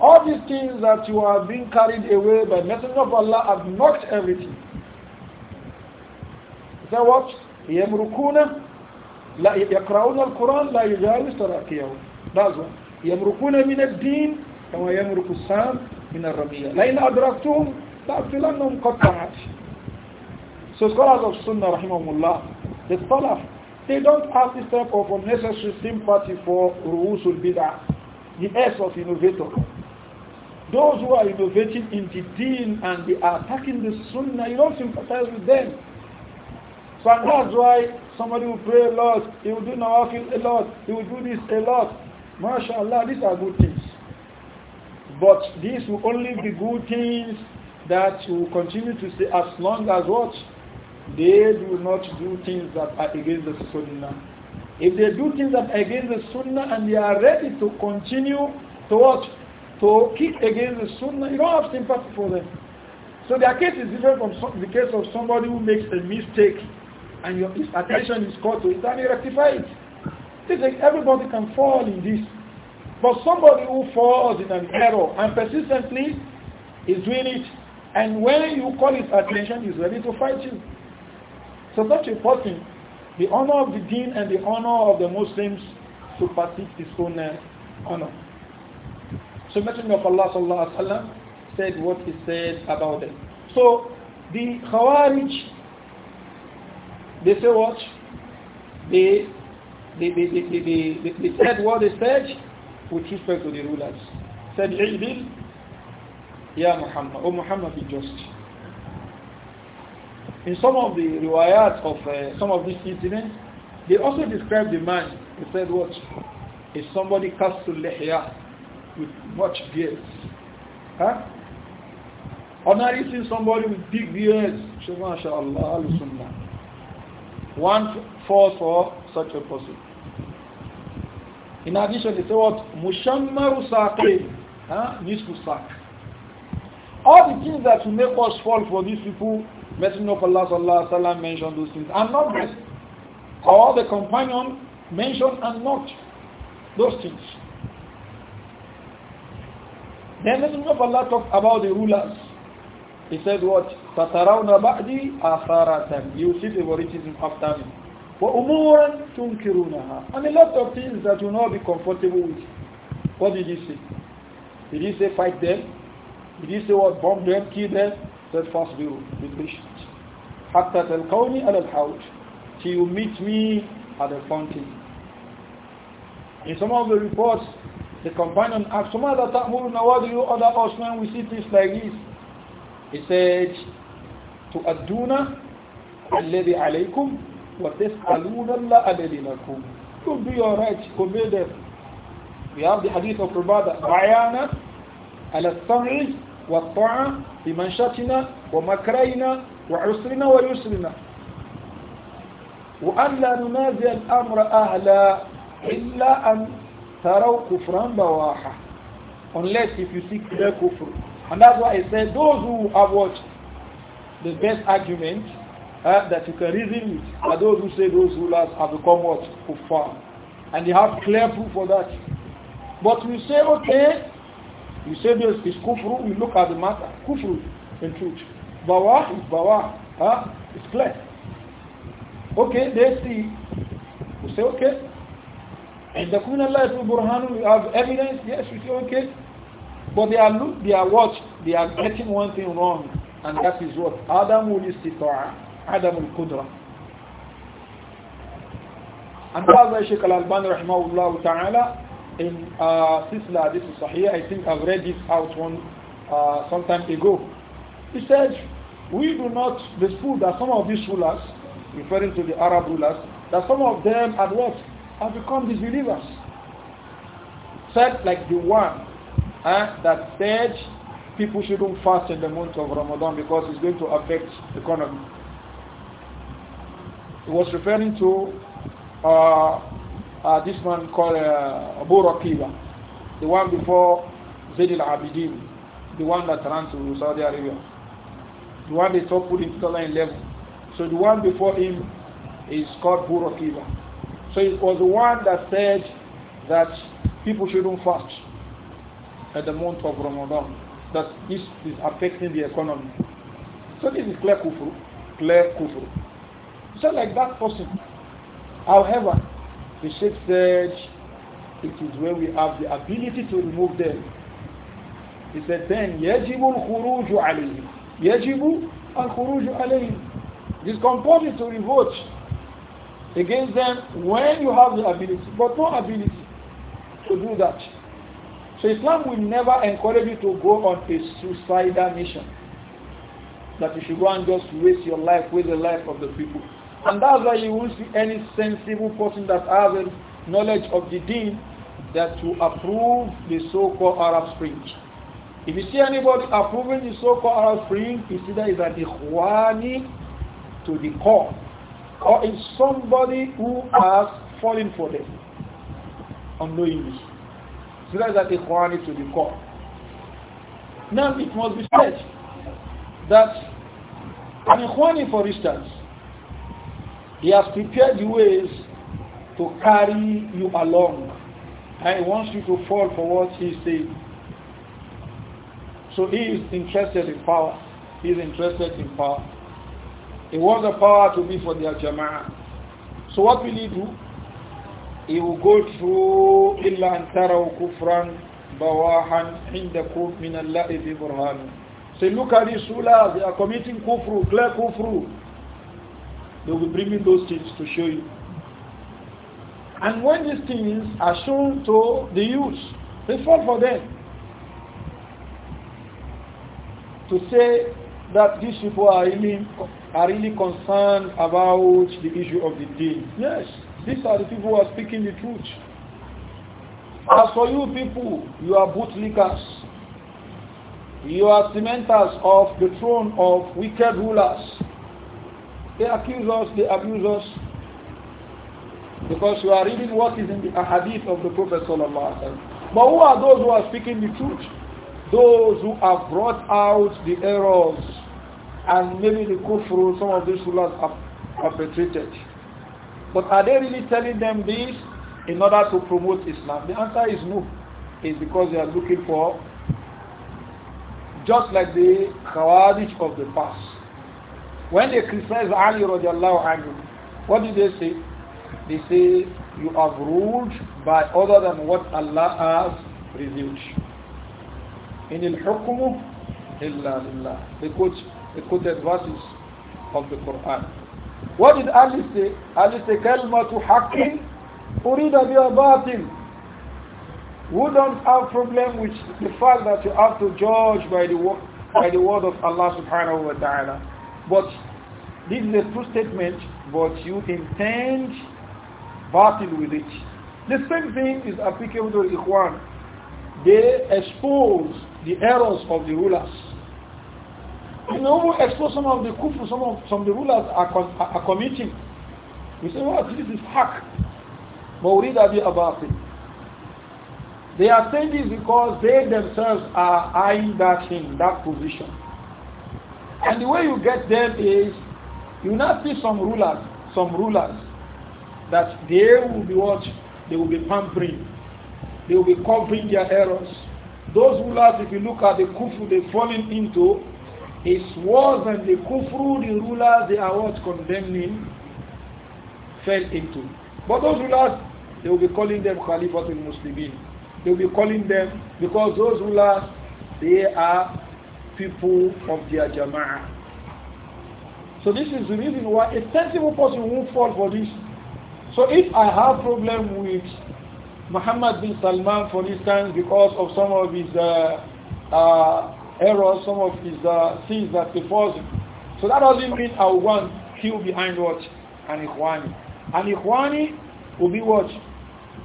All these things that you are being carried away by Messenger of Allah have knocked everything. Is that what? يمركون لا يقرؤون القرآن لا يجاوز تراقيهم. That's one. يمركون من الدين كما يمرك السام من الرمية. لئن أدركتهم لأقتلنهم قد So scholars of Sunnah رحمهم Allah. The scholars, they don't have this type of unnecessary sympathy for Ru'usul Bid'ah, the S of innovator. Those who are innovating in the deen and they are attacking the sunnah, you don't sympathize with them. So that's why somebody will pray a lot, he will do nawafil a lot, he will do this a lot. MashaAllah, these are good things. But these will only be good things that you will continue to stay as long as what? they do not do things that are against the sunnah. If they do things that are against the sunnah and they are ready to continue to what? To kick against the sunnah, you don't have sympathy for them. So their case is different from some, the case of somebody who makes a mistake and your, his attention is called to it and you rectify it. It's like everybody can fall in this. But somebody who falls in an error and persistently is doing it, and when you call his attention, he's ready to fight you. So it's not important. the honor of the deen and the honor of the Muslims supersedes his own uh, honor. So Messenger of Allah sallallahu alaihi wasallam said what he said about them. So the Khawarij, they say what? They they, they, they, they, they, they said what they said with respect to the rulers. Said, Ibil, Ya Muhammad, O oh Muhammad be just in some of the riwayat of uh, some of these incidents, they also describe the man. who said, what? If somebody to lihya with much beard. Huh? you see somebody with big beards. MashaAllah, al-sunnah. One falls for such a person. In addition, they say what? Mushammaru saqib. Huh? Nisfu All the things that will make us fall for these people Messenger of Allah sallallahu alaihi wasallam mentioned those things and not this. All the companion mentioned and not those things. Then Messenger of Allah talked about the rulers. He said what? تَتَرَوْنَ بَعْدِي آثَارَةً You see favoritism after me. وَأُمُورًا تُنْكِرُونَهَا And a lot of things that you will not be comfortable with. What did he say? Did he say fight them? Did he say what? Bomb them? Kill them? said فاصبروا be patient حتى تلقوني على الحوض till you meet me at the fountain in some of the reports the companion asked Sumada ta'muruna what do you order us when we see things like this he said تؤدون الذي عليكم وتسألون الله الذي لكم you do your right Commander." we have the hadith of Rubada bayana ala sam'i والطاعة في منشطنا ومكرينا وعسرنا ويسرنا وأن لا ننازع الأمر أهلا إلا أن تروا كفرا بواحا unless if you seek clear kufr and that's why I said those who have watched the best argument uh, that you can reason with are those who say those rulers have become what kufr and they have clear proof for that but we say okay You say this is kufru, you look at the matter. Kufru in truth. Bawa is bawa. Huh? It's clear. Okay, they see. We say, okay. And the Queen Allah is Burhan, we have evidence. Yes, we say, okay. But they are look, they are watched, they are getting one thing wrong. And that is what? Adam Adamul Adam Adamul kudra. And that's why Sheikh Al-Albani, rahimahullah ta'ala, in uh, Sisla, this is Sahih, I think I've read this out one uh, some time ago. He said, we do not dispute that some of these rulers, referring to the Arab rulers, that some of them at what? Have become disbelievers. Said like the one eh, that said people shouldn't fast in the month of Ramadan because it's going to affect the economy. He was referring to uh, uh, this man called uh, Abu Rakiba, the one before Zayd al-Abidin, the one that ran to Saudi Arabia, the one they toppled put in 2011. So the one before him is called Rakiba. So it was the one that said that people shouldn't fast at the month of Ramadan, that this is affecting the economy. So this is clear kufru, clear kufru. So like that person. However, the Sheikh said, it is when we have the ability to remove them. He said, then, يَجِبُ الْخُرُوجُ عَلَيْهِمْ يَجِبُ الْخُرُوجُ عَلَيْهِمْ It is compulsory to revolt against them when you have the ability, but no ability to do that. So Islam will never encourage you to go on a suicidal mission. That you should go and just waste your life, with the life of the people. And that's why you won't see any sensible person that has a knowledge of the deen that to approve the so-called Arab Spring. If you see anybody approving the so-called Arab Spring, it's either is an Ikhwani to the core, or it's somebody who has fallen for them unknowingly. So that is an Ikhwani to the core. Now it must be said that an Ikhwani, for instance, he has prepared the ways to carry you along. And he wants you to fall for what he says. So he is interested in power. He is interested in power. He wants the power to be for the Jama'ah. So what will he do? He will go through إِلَّا أَن تَرَوْا كُفْرًا بَوَاحًا عِنْدَكُمْ مِنَ اللَّهِ بِبُرْهَانٍ Say, look at these sulas, they are committing kufru, clear kufru. They will be bringing those things to show you. And when these things are shown to the youth, they fall for them. To say that these people are really, are really concerned about the issue of the day. Yes, these are the people who are speaking the truth. As for you people, you are bootlickers. You are cementers of the throne of wicked rulers. They accuse us, they abuse us. Because we are reading what is in the hadith of the Prophet But who are those who are speaking the truth? Those who have brought out the errors and maybe the kufru some of these rulers have perpetrated. But are they really telling them this in order to promote Islam? The answer is no. It's because they are looking for just like the Khawarij of the past. When they criticize Ali radiallahu anhu, what do they say? They say, you have ruled by other than what Allah has revealed. In al-hukmu illa lillah. They quote, they quoted verses of the Quran. What did Ali say? Ali said, kalmatu haqqin urida biya batil. Who don't have problem with the fact that you have to judge by the, by the word of Allah subhanahu wa ta'ala. But this is a true statement, but you intend battle with it. The same thing is applicable to the Ikhwan. They expose the errors of the rulers. You know, we expose some of the kufu, some of some of the rulers are, are committing. We say, well, this is hack. read about it. They are saying this because they themselves are eyeing that in that position. And the way you get them is you now see some rulers, some rulers that they will be what? They will be pampering. They will be covering their errors. Those rulers, if you look at the kufu they've fallen into, is worse than the kufu the rulers they are what condemning fell into. But those rulers, they will be calling them Khalifatul Muslimin. They will be calling them because those rulers, they are people of their jama'ah. So this is the reason why a sensible person won't fall for this. So if I have problem with Muhammad bin Salman, for instance, because of some of his uh, uh, errors, some of his uh, sins that he him, so that doesn't mean I will want kill behind what? An Ikhwani. An Ikhwani will be what?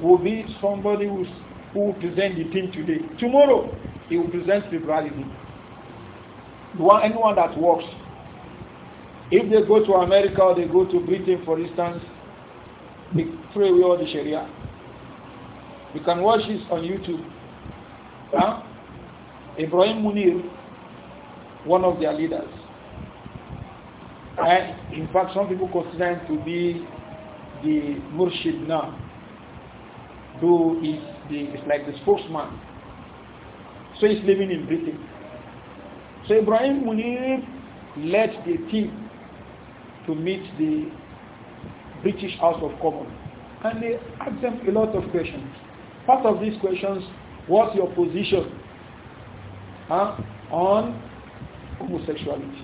Will be somebody who's, who will present the team today. Tomorrow, he will present the liberalism one, anyone that works, if they go to America or they go to Britain, for instance, they pray with all the Sharia. You can watch this on YouTube. Huh? Ibrahim Munir, one of their leaders. And in fact, some people consider him to be the Murshid now, who is, the, It's like the spokesman. So he's living in Britain. So Ibrahim Munif led the team to meet the British House of Commons. And they asked them a lot of questions. Part of these questions, what's your position huh, on homosexuality?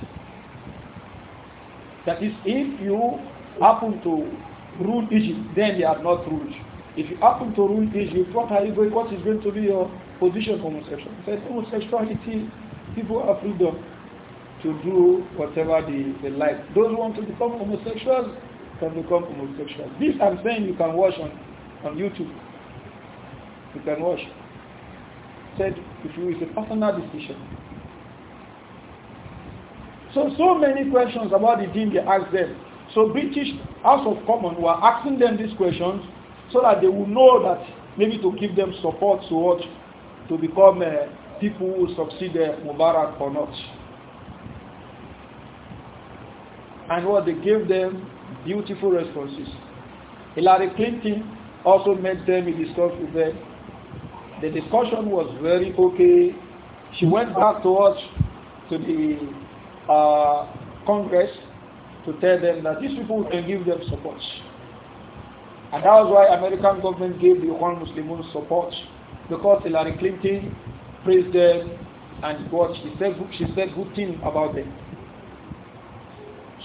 That is, if you happen to rule Egypt, then you are not ruled. If you happen to rule Egypt, what, are you going, what is going to be your position on homosexuality? homosexuality people have freedom to do whatever they, they like. Those who want to become homosexuals can become homosexuals. This I'm saying you can watch on, on YouTube. You can watch. Said if you is a personal decision. So so many questions about the deen they them. So British House of Commons were asking them these questions so that they will know that maybe to give them support to what to become uh, people who succeed Mubarak or not. And what they gave them beautiful responses. Hillary Clinton also met them, he discussed with them. The discussion was very okay. She went back to us to the uh, Congress to tell them that these people can give them support. And that was why American government gave the young Muslimun support because Hillary Clinton praised them and God. she said, she said good thing about them.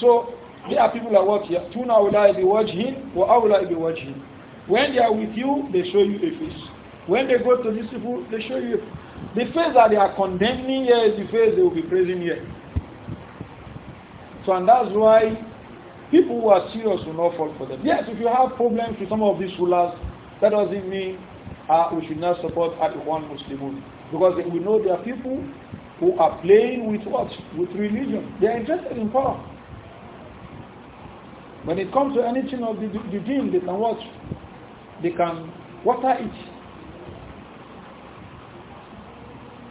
So there are people that what tuna watching, or how will I be watching? When they are with you, they show you a face. When they go to this people, they show you the face that they are condemning here is the face they will be praising here. So and that's why people who are serious will not fall for them. Yes, if you have problems with some of these rulers, that doesn't mean uh, we should not support at one Muslim. Because we know there are people who are playing with what? With religion. They are interested in power. When it comes to anything of the, the deen, they can watch. They can water it.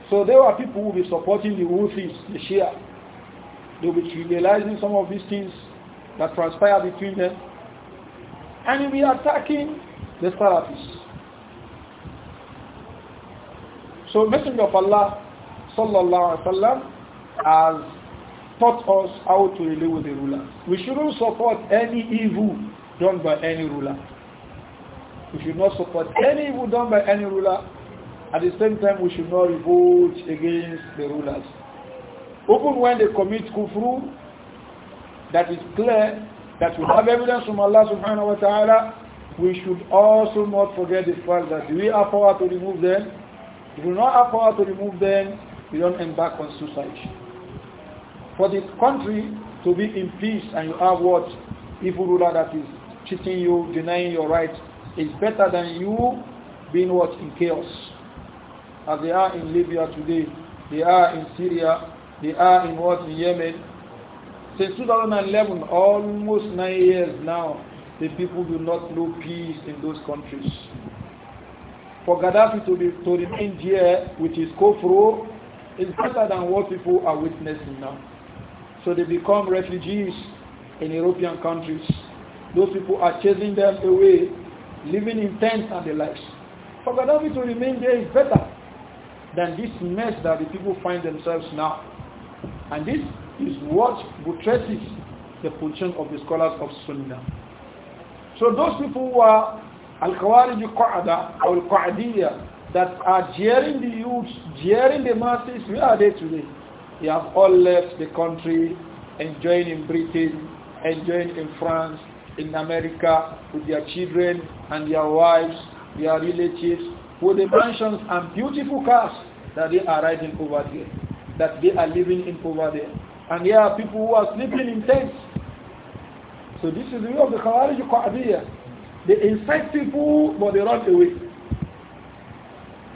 So there are people who will be supporting the Houthis, the Shia. They will be trivializing some of these things that transpire between them. And we be attacking the Salafis. So Messenger of Allah sallallahu alaihi wasallam has taught us how to relate with the ruler. We shouldn't support any evil done by any ruler. We should not support any evil done by any ruler. At the same time, we should not revolt against the rulers. Even when they commit kufru, that is clear, that we have evidence from Allah subhanahu wa ta'ala, we should also not forget the fact that we are power to remove them if you do not have power to remove them, you don't embark on suicide. For the country to be in peace and you have what evil ruler that is cheating you, denying your rights, is better than you being what in chaos. As they are in Libya today, they are in Syria, they are in what in Yemen. Since 2011, almost nine years now, the people do not know peace in those countries for Gaddafi to, be, to remain here with his kofro is better than what people are witnessing now. So they become refugees in European countries. Those people are chasing them away, living in tents and the likes. For Gaddafi to remain there is better than this mess that the people find themselves now. And this is what buttresses the position of the scholars of Sunnah. So those people who are Al-Khawarij Qa'ada or al that are jeering the youth, jeering the masses, where are they today? They have all left the country, enjoying in Britain, enjoying in France, in America, with their children and their wives, their relatives, with the mansions and beautiful cars that they are riding over there, that they are living in over there. And there are people who are sleeping in tents. So this is the way of the Khawarij Qadiyah. They incite people, but they run away.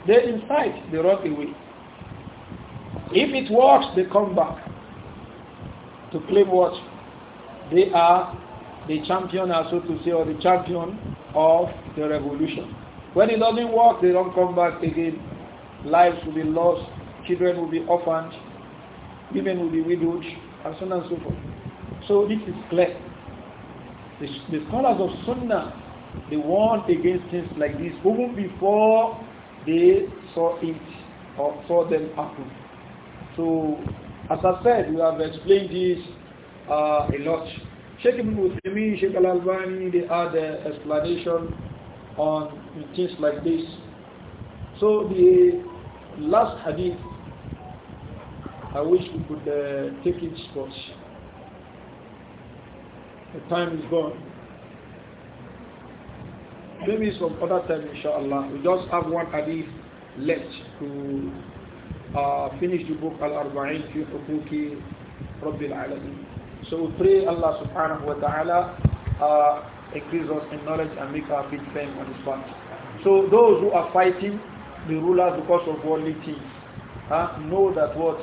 They incite, they run away. If it works, they come back to claim what they are the champion, so to say, or the champion of the revolution. When it doesn't work, they don't come back again. Lives will be lost, children will be orphaned, women will be widowed, and so on and so forth. So this is clear. The, the scholars of Sunnah they warned against things like this even before they saw it or saw them happen. So, as I said, we have explained this uh, a lot. Sheikh Ibn Uthaymeen, Sheikh Al-Albani, they had an explanation on things like this. So the last hadith, I wish we could uh, take it, but the time is gone. Maybe some other time, inshallah. We just have one hadith left to uh, finish the book Al-Arba'in fi Hukuki Rabbil Alamin. So we pray Allah subhanahu wa ta'ala uh, increase us in knowledge and make our feet firm on this path So those who are fighting the rulers because of worldly things, uh, know that what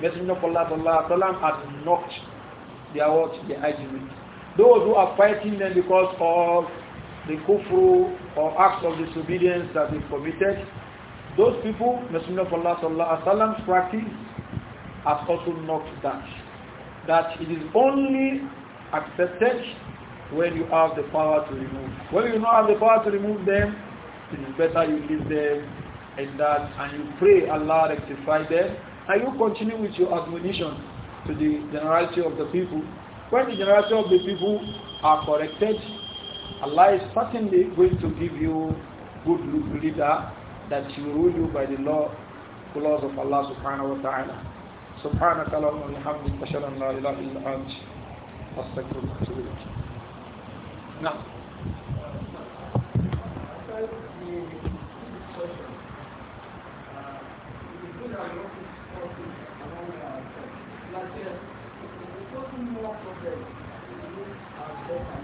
Messenger of Allah, Allah, Allah has knocked their what? Their argument. Those who are fighting them because of the kufru or acts of disobedience that they committed, those people, Messenger of Allah sallallahu alaihi practice has also not that. That it is only accepted when you have the power to remove. When you not have the power to remove them, it is better you leave them and that and you pray Allah rectify them and you continue with your admonition to the generality of the people. When the generality of the people are corrected, Allah is certainly going to give you good leader that will rule you by the law, laws of Allah subhanahu wa ta'ala. سبحانك اللهم وبحمدك اشهد ان لا اله الا انت استغفرك واتوب اليك نعم Thank you.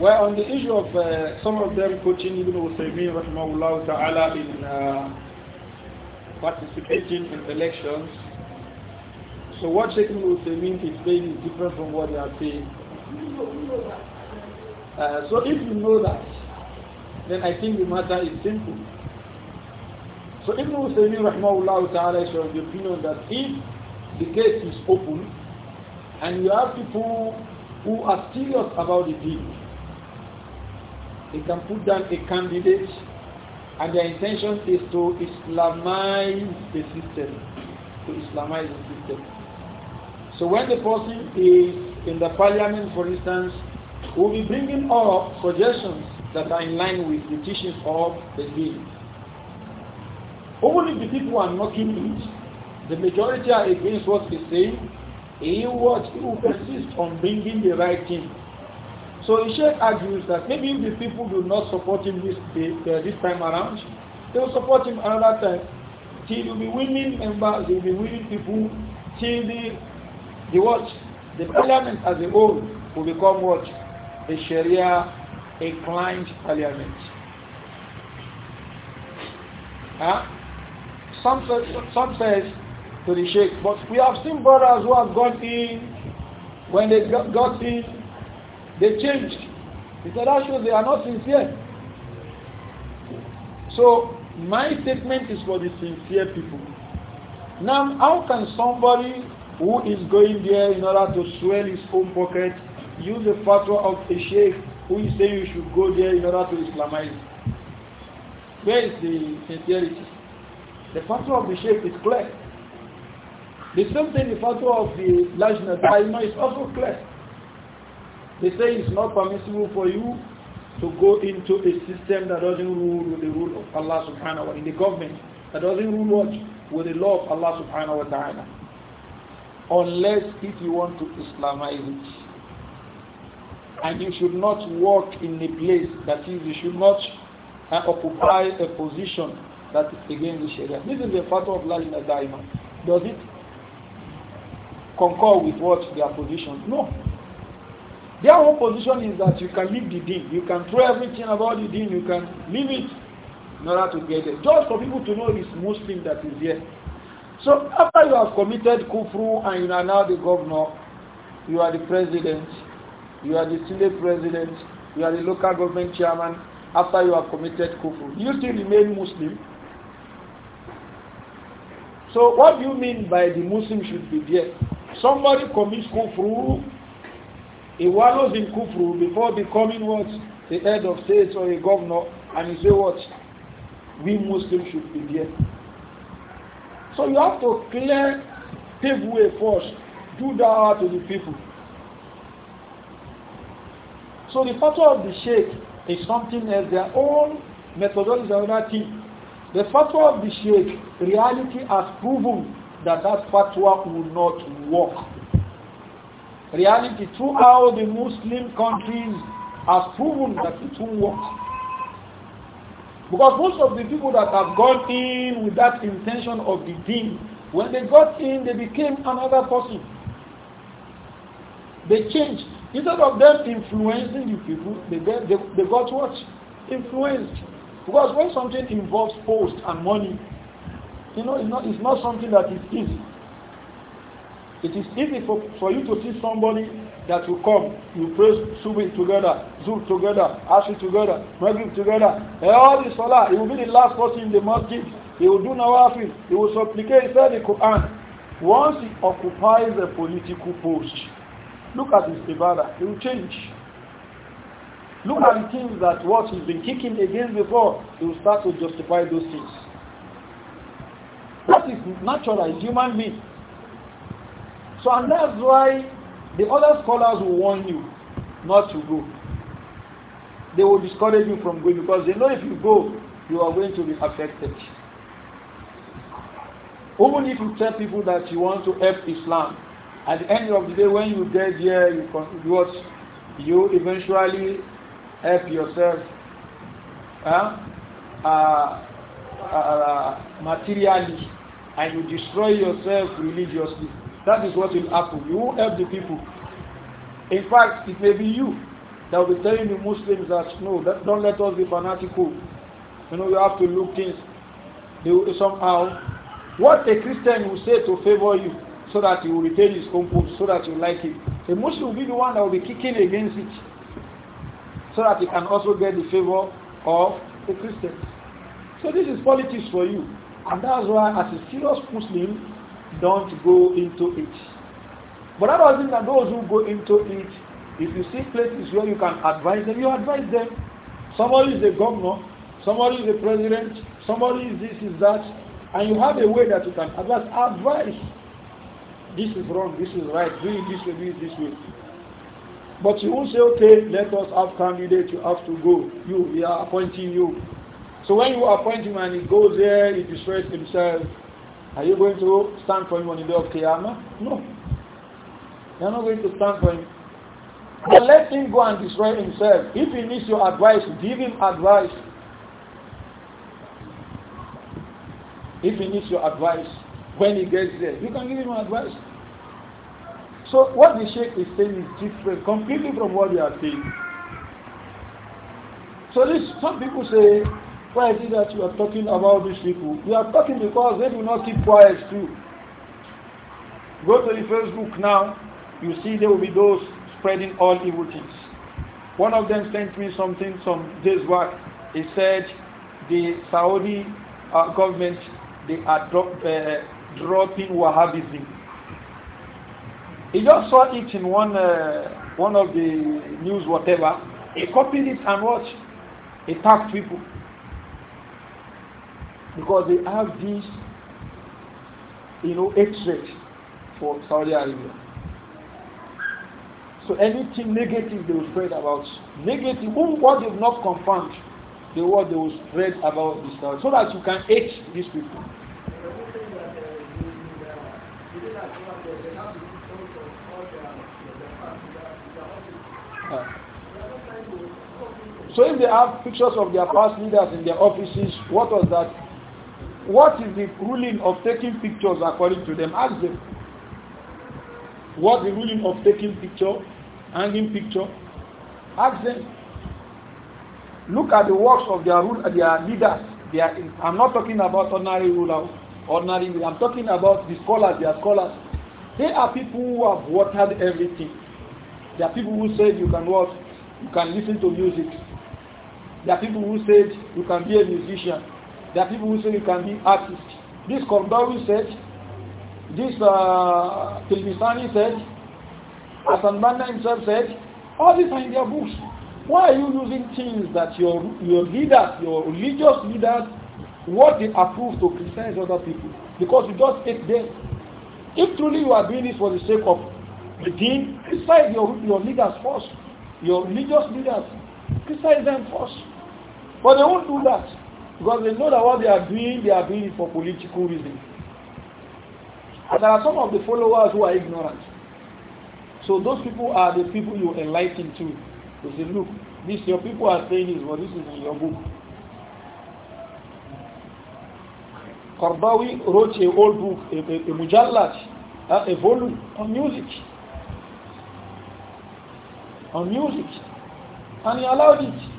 Well, on the issue of uh, some of them coaching, Ibn Uthaymeen rahimahullah ta'ala in uh, participating in elections. So what Sheikh means is very different from what they are saying. Uh, so if you know that, then I think the matter is simple. So Ibn Uthaymeen rahmahullah ta'ala is of the opinion that if the case is open and you have people who are serious about the deal, they can put down a candidate and their intention is to Islamize the system. To Islamize the system. So when the person is in the parliament, for instance, will be bringing up suggestions that are in line with the teachings of the deen. Only the people are knocking it, the majority are against what he's saying, he, he will persist on bringing the right thing so Sheikh argues that maybe if the people do not support him this, uh, this time around, they will support him another time. Till you will be winning members, you will be winning people, till the, the what? The parliament as a whole will become what? A Sharia inclined parliament. Huh? Some, say, some says to the Sheikh, but we have seen brothers who have gone in, when they got in, they changed. He said that shows they are not sincere. So my statement is for the sincere people. Now, how can somebody who is going there in order to swell his own pocket use the fatwa of a sheikh who is saying you should go there in order to Islamize? Where is the sincerity? The fatwa of the sheikh is clear. The same thing the fatwa of the large Daima is also clear. They say it's not permissible for you to go into a system that doesn't rule with the rule of Allah subhanahu wa ta'ala, in the government, that doesn't rule with the law of Allah subhanahu wa ta'ala. Unless if you want to Islamize it. And you should not work in a place, that is, you should not uh, occupy a position that is against the Sharia. This is the fatwa of Lajna Daima. Does it concur with what their position? No. Their whole position is that you can leave the deen. You can throw everything about the deen. You can leave it in order to get it. Just for people to know it's Muslim that is here. So after you have committed kufru and you are now the governor, you are the president, you are the state president, you are the local government chairman, after you have committed kufru, you still remain Muslim. So what do you mean by the Muslim should be there? Somebody commits kufru he wallows in kufru before becoming what? The head of state or a governor. And he say what? We Muslims should be there. So you have to clear, pave way first. Do that to the people. So the photo of the sheikh is something else. Their own methodology is another thing. The fact of the sheikh, reality has proven that that fatwa will not work reality throughout the Muslim countries has proven that it won't work. Because most of the people that have gone in with that intention of the deen, when they got in, they became another person. They changed. Instead of them influencing the people, they, they, they got what? Influenced. Because when something involves post and money, you know, it's not, it's not something that is easy. It is easy for, for you to see somebody that will come, you pray Subhi together, Zul together, ashi together, Maghrib together, and eh, all the Salah, he will be the last person in the masjid, he will do Nawafil, he will supplicate, say the Quran. Once he occupies a political post, look at his Ibadah, he will change. Look at the things that what he's been kicking against before, he will start to justify those things. That is natural, as human being. So and that's why the other scholars will warn you not to go. They will discourage you from going because they know if you go, you are going to be affected. Even if you tell people that you want to help Islam, at the end of the day, when you get here, you, what, you eventually help yourself huh? Uh, uh, uh materially and you destroy yourself religiously. That is what will happen. You won't help the people. In fact, it may be you that will be telling the Muslims that no, that don't let us be fanatical. You know, you have to look things somehow. What a Christian will say to favor you so that you will retain his own so that you like him. The Muslim will be the one that will be kicking against it so that he can also get the favor of the Christians. So this is politics for you. And that's why as a serious Muslim, don't go into it. But that doesn't mean that those who go into it, if you see places where you can advise them, you advise them. Somebody is a governor, somebody is a president, somebody is this, is that, and you have a way that you can advise. Advise. This is wrong, this is right, do it this way, do it this way. But you won't say, okay, let us have candidate, you have to go. You, we are appointing you. So when you appoint him and he goes there, he destroys himself, are you going to stand for him on the day of Qiyamah? No. You're not going to stand for him. But let him go and destroy himself. If he needs your advice, give him advice. If he needs your advice, when he gets there, you can give him advice. So what the Sheikh is saying is different completely from what you are saying. So this, some people say, why is it that you are talking about these people? You are talking because they do not keep quiet too. Go to the Facebook now, you see there will be those spreading all evil things. One of them sent me something some days back. He said the Saudi uh, government, they are uh, dropping Wahhabism. He just saw it in one, uh, one of the news, whatever. He copied it and watched. He tagged people because they have this, you know, hatred for Saudi Arabia. So anything negative they will spread about, negative, even what they've not confirmed, the word they will spread about this so that you can hate these people. Ah. So if they have pictures of their past leaders in their offices, what was that? what is the ruling of taking pictures according to them? Ask them. What the ruling of taking picture, hanging picture? Ask them. Look at the works of their rule, their leaders. They are, I'm not talking about ordinary rulers, ordinary. I'm talking about the scholars. They are scholars. They are people who have watered everything. There are people who said you can watch, you can listen to music. There are people who said you can be a musician. There are people who say you can be artist. This Kordawi said, this uh, said, Hassan himself said, all these are in their books. Why are you using things that your, your leaders, your religious leaders, what they approve to criticize other people? Because you just take them. If truly you are doing this for the sake of the deen, criticize your, your leaders first. Your religious leaders, criticize them first. But they won't do that. Because they know that what they are doing, they are doing it for political reasons. And there are some of the followers who are ignorant. So those people are the people you enlighten to. You say, look, this your people are saying this, but this is in your book. Karbawi wrote a whole book, a, a, a mujallat, a, a volume on music. On music. And he allowed it.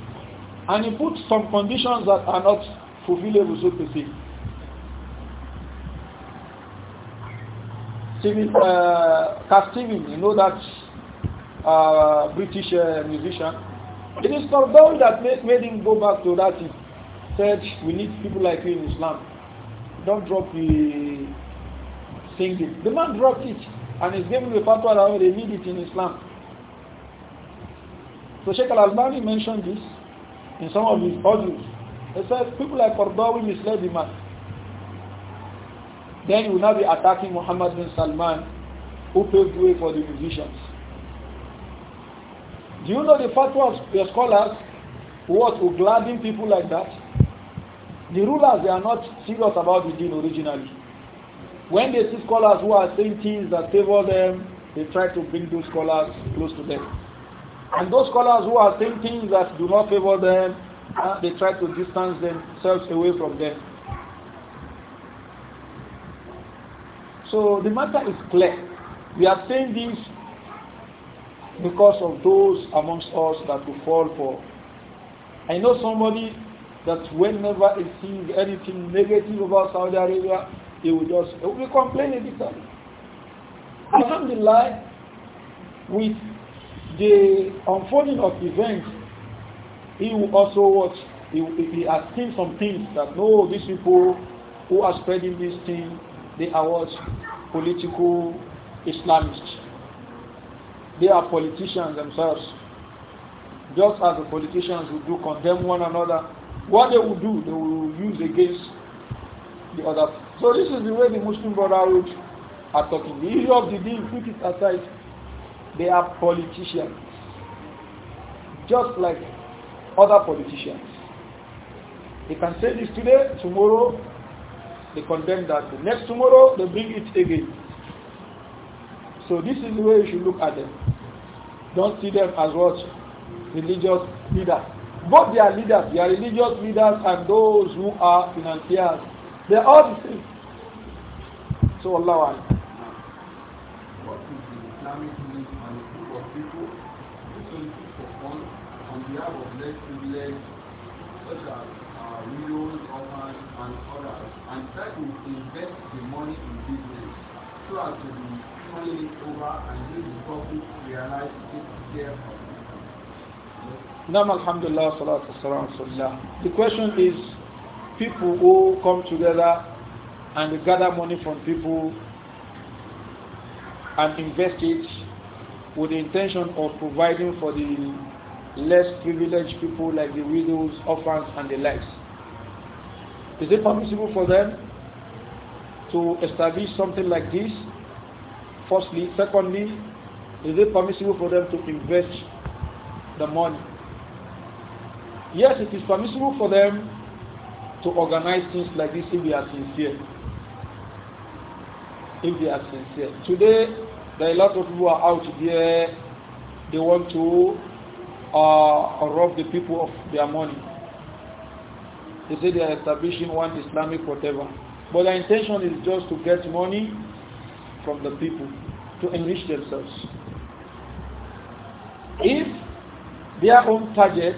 And he put some conditions that are not fulfillable, so to say. Steven, uh, Cat Steven, you know that uh, British uh, musician. It is Corbell that made, made him go back to that. He said, we need people like you in Islam. Don't drop the singing. The man dropped it and he's giving the fatwa that they need it in Islam. So Sheikh Al-Albani mentioned this in some of his audios. He says people like Qardawi misled the man. Then he will now be attacking Muhammad bin Salman, who paved the way for the musicians. Do you know the fatwa of the scholars what who gladden people like that? The rulers, they are not serious about the deen originally. When they see scholars who are saying things that favor them, they try to bring those scholars close to them. And those scholars who are saying things that do not favor them, uh, they try to distance themselves away from them. So the matter is clear. We are saying this because of those amongst us that will fall for. I know somebody that whenever he sees anything negative about Saudi Arabia, he will just he will be complaining time. Alhamdulillah, with the unfolding of events, he will also watch, he, he has seen some things that no, these people who are spreading this thing, they are what? Political Islamists. They are politicians themselves. Just as the politicians who do condemn one another, what they will do, they will use against the other. So this is the way the Muslim Brotherhood are talking. The issue of the deal, put it aside. They are politicians, just like other politicians. They can say this today, tomorrow they condemn that. The next tomorrow they bring it again. So this is the way you should look at them. Don't see them as what religious leaders. But they are leaders. They are religious leaders and those who are financiers. They are all the same. So Allah. What is the Islamic we have of less privileged, such as uh, widows, orphans, and others, and try to invest the money in business so as to be turning it over and use the profit to realize to take care of Nam alhamdulillah salatu salam The question is people who come together and gather money from people and invest it with the intention of providing for the less privileged people like the widows, orphans, and the likes. Is it permissible for them to establish something like this? Firstly. Secondly, is it permissible for them to invest the money? Yes, it is permissible for them to organize things like this if they are sincere. If they are sincere. Today, there are a lot of people are out there, they want to or, or rob the people of their money. They say they are establishing one Islamic whatever. But their intention is just to get money from the people, to enrich themselves. If their own target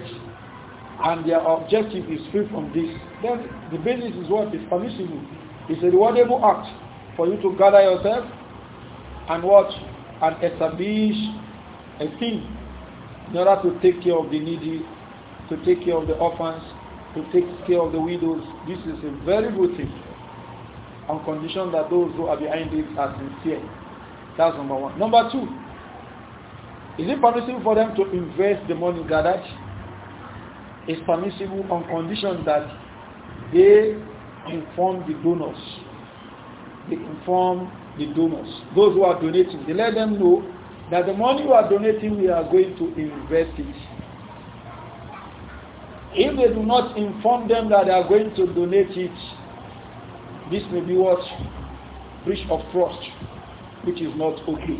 and their objective is free from this, then the basis is what is permissible. It's a rewardable act for you to gather yourself and watch and establish a thing in order to take care of the needy, to take care of the orphans, to take care of the widows. This is a very good thing on condition that those who are behind it are sincere. That's number one. Number two, is it permissible for them to invest the money gathered? It's permissible on condition that they inform the donors. They inform the donors. Those who are donating, they let them know that the money you are donating, we are going to invest it. If they do not inform them that they are going to donate it, this may be what? Breach of trust, which is not okay.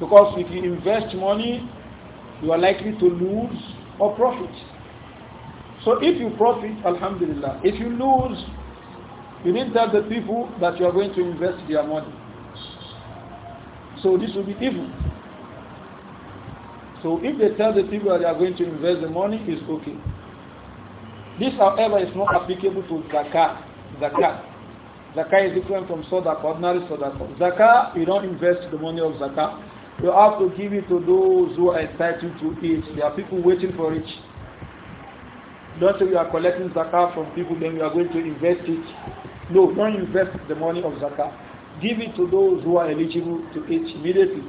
Because if you invest money, you are likely to lose or profit. So if you profit, alhamdulillah. If you lose, you need to tell the people that you are going to invest their money. So this will be evil. So if they tell the people that they are going to invest the money, it's okay. This, however, is not applicable to zakah. Zakah. Zakah is different from sadaqah, ordinary sadaqah. Zakah, you don't invest the money of zakah. You have to give it to those who are entitled to it. There are people waiting for it. Don't say you are collecting zakah from people, then you are going to invest it. No, don't invest the money of zakah give it to those who are eligible to it immediately.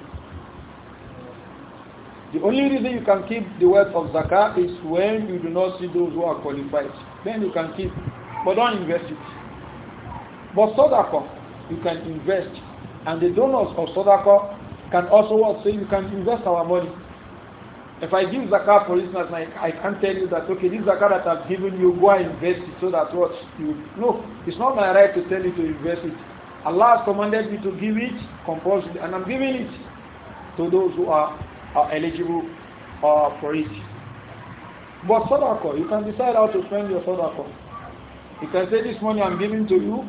The only reason you can keep the wealth of zakah is when you do not see those who are qualified. Then you can keep, but don't invest it. But sadaqah, you can invest. And the donors of sadaqah can also say you can invest our money. If I give zakah, for instance, I, I can't tell you that, okay, this zakah that I've given you, go and invest it so that what you... No, it's not my right to tell you to invest it. Allah has commanded me to give it compulsory, and I'm giving it to those who are, are eligible uh, for it. But sadaqah, you can decide how to spend your sadaqah. You can say this money I'm giving to you,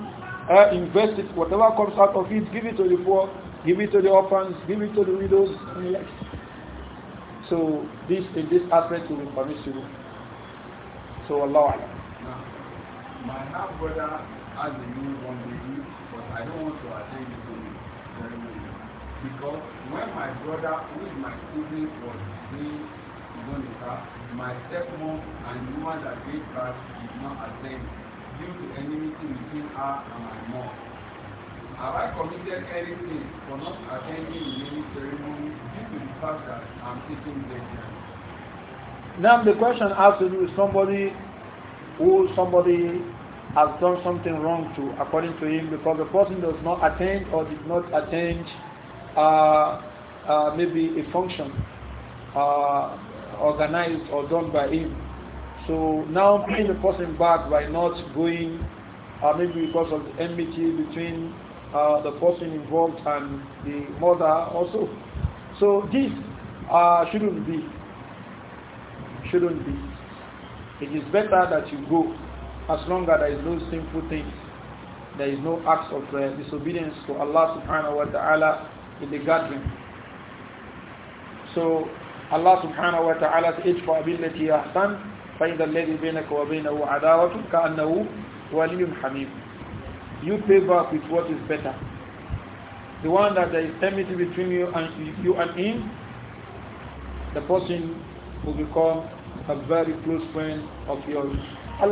uh, invest it, whatever comes out of it, give it to the poor, give it to the orphans, give it to the widows, and the So this in this aspect will be permissible. So Allah. Now, My half brother has a new one baby I don't want to attend the sermon ceremony because when my brother who is my sibling was doing Ibonika my stepmom and the woman that gave birth did not attend due to enmity between her and my mom. Have I committed anything for not attending the naming ceremony due to the fact that I'm taking vengeance? Now the question has to do with somebody who somebody has done something wrong to, according to him, because the person does not attend or did not attend uh, uh, maybe a function uh, organized or done by him. So now paying the person back by not going, uh, maybe because of the enmity between uh, the person involved and the mother also. So this uh, shouldn't be. Shouldn't be. It is better that you go as long as there is no sinful things, there is no acts of uh, disobedience to Allah subhanahu wa ta'ala in the garden. So Allah subhanahu wa ta'ala says, اجفع بالتي the lady الذي بينك وبينه عداوة كأنه waliyun حميم. You pay back with what is better. The one that there is enmity between you and you and him, the person will become a very close friend of yours. So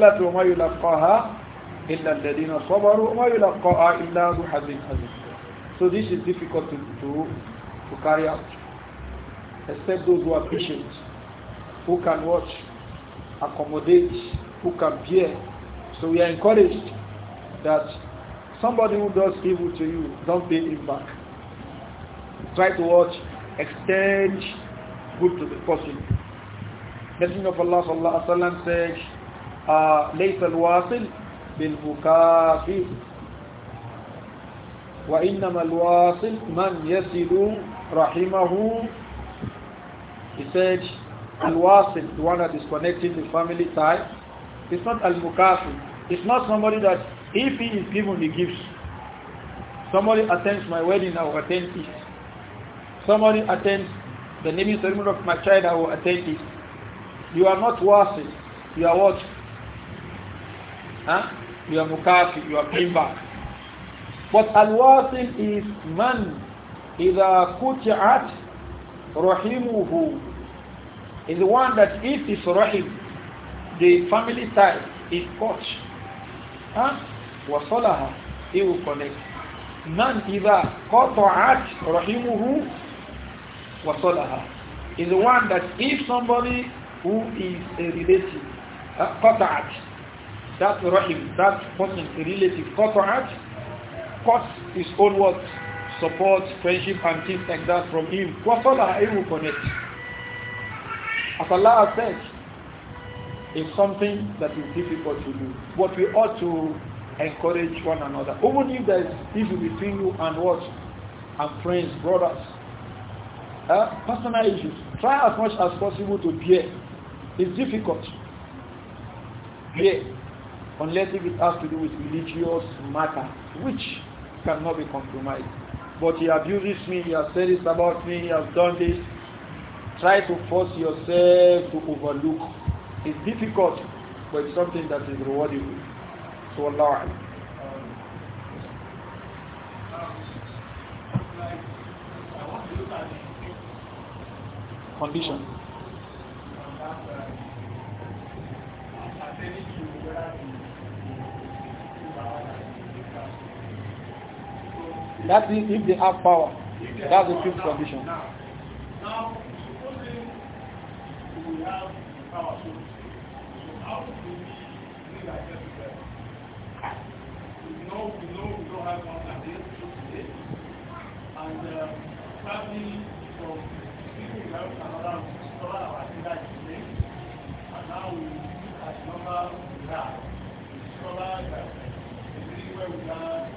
this is difficult to, to, to carry out. Except those who are patient, who can watch, accommodate, who can bear. So we are encouraged that somebody who does evil to you, don't pay him back. Try to watch, extend good to the person. Messenger of Allah sallallahu alaihi wasallam says, ليس الواصل بالبكاء وإنما الواصل من يصل رحمه He said, the one that is connecting the family tie, it's not Al-Mukafi. It's not somebody that, if he is given, he gives. Somebody attends my wedding, I will attend it. Somebody attends the naming ceremony of my child, I will attend it. You are not Wasil. You are what? huh? you are mukafi you are kimba what alwasil is man is idha kut'at rahimuhu is the one that if is rahim the family ties is cut huh wa salaha he will connect man idha qata'at rahimuhu wa wasola, is the one that if somebody who is a relative qata'at uh, that rahim, that person's relative qata'at, cuts his own work, support, friendship and things like that from him. Wasala he will connect. As Allah has said, it's something that is difficult to do. But we ought to encourage one another. Even if there is issue between you and what? And friends, brothers. Uh, personal issues. Try as much as possible to bear. It's difficult. Bear unless if it has to do with religious matter, which cannot be compromised. But he abuses me, he has said this about me, he has done this. Try to force yourself to overlook. It's difficult, but it's something that is rewarding. So Allah. Condition. Um, That is if they have power. That's the fifth condition. Now, now supposing we have power, so, how do we live like that together? We know we know we don't have one like this today, and uh, probably from people we have another scholar or activist today, and now we as number we have is where we are.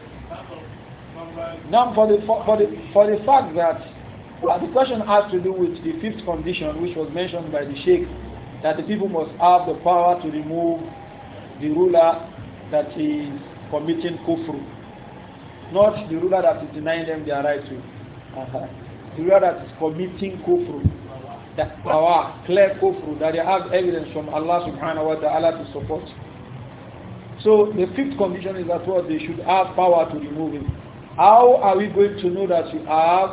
Now, for the, for, the, for the fact that uh, the question has to do with the fifth condition, which was mentioned by the Sheikh, that the people must have the power to remove the ruler that is committing kufru, not the ruler that is denying them their right to. Uh -huh. The ruler that is committing kufru, that power, clear kufru, that they have evidence from Allah subhanahu wa ta'ala to support. So the fifth condition is that what they should have power to remove him. How are we going to know that you have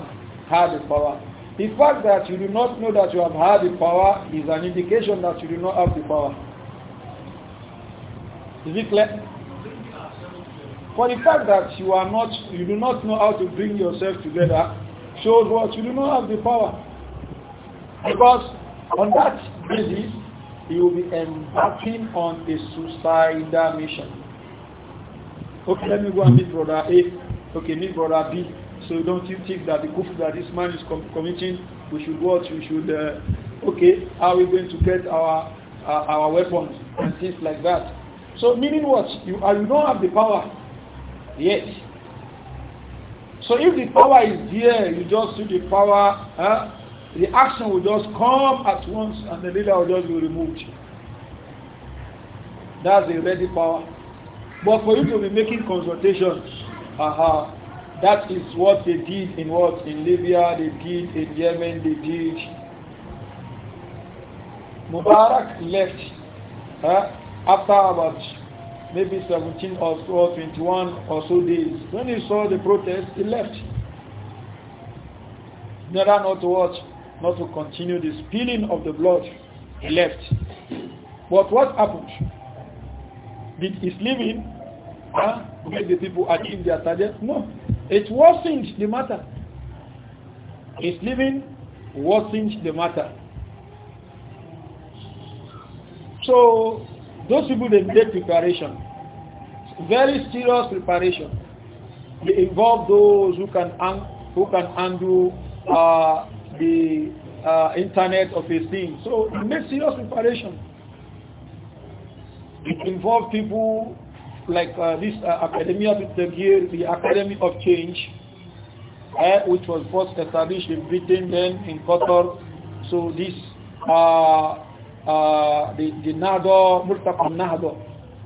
had the power? The fact that you do not know that you have had the power is an indication that you do not have the power. Is it clear? For the fact that you are not, you do not know how to bring yourself together, shows what you do not have the power. Because on that basis, you will be embarking on a suicidal mission. Okay, let me go and meet brother A okay, me brother B, so don't you think that the kufr that this man is com committing, we should watch, we should, uh, okay, how are we going to get our uh, our weapons and things like that? So meaning what? You, uh, you don't have the power yet. So if the power is there, you just see the power, huh? the action will just come at once and the leader will just be removed. That's the ready power. But for you to be making consultations, Aha. Uh-huh. That is what they did in what? In Libya, they did in Yemen, they did. Mubarak left huh? after about maybe 17 or, so, 21 or so days. When he saw the protest, he left. In not to watch, not to continue the spilling of the blood, he left. But what happened? Did his leaving huh, make the people achieve their target. No, it wasn't the matter. It's living Wasn't the matter. So those people they made preparation, very serious preparation. They involve those who can who can undo uh, the uh, internet of his thing. So it serious preparation. It involves people like uh, this uh, Academia Bitagir, the Academy of Change, uh, which was first established in Britain, then in Qatar. So this, uh, uh the, the Nado, Murtaqam Nado.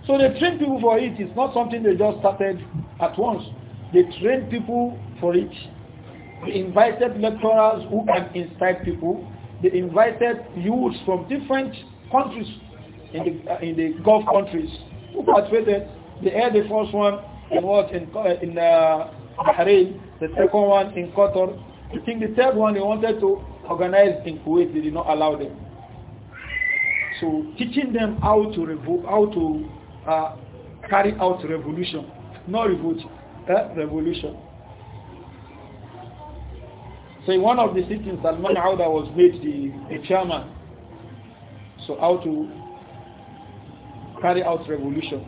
So they train people for it. It's not something they just started at once. They train people for it. They invited lecturers who can inspire people. They invited youths from different countries in the, uh, in the Gulf countries who participated they had the first one in what uh, in in uh, Bahrain, the second one in Qatar. I think the third one they wanted to organize in Kuwait. They did not allow them. So teaching them how to revolt, how to uh, carry out revolution, not revolt, uh, revolution. So in one of the sittings, Salman Auda was made the, the chairman. So how to carry out revolution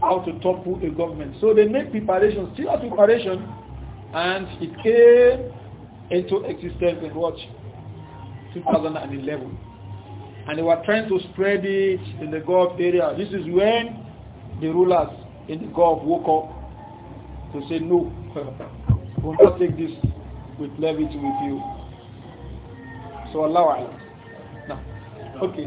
how to topple a government. So they made preparations, still had preparation, and it came into existence in what? 2011. And they were trying to spread it in the Gulf area. This is when the rulers in the Gulf woke up to say, no, we'll not take this, with levity with you. So Allah it. Now, Okay.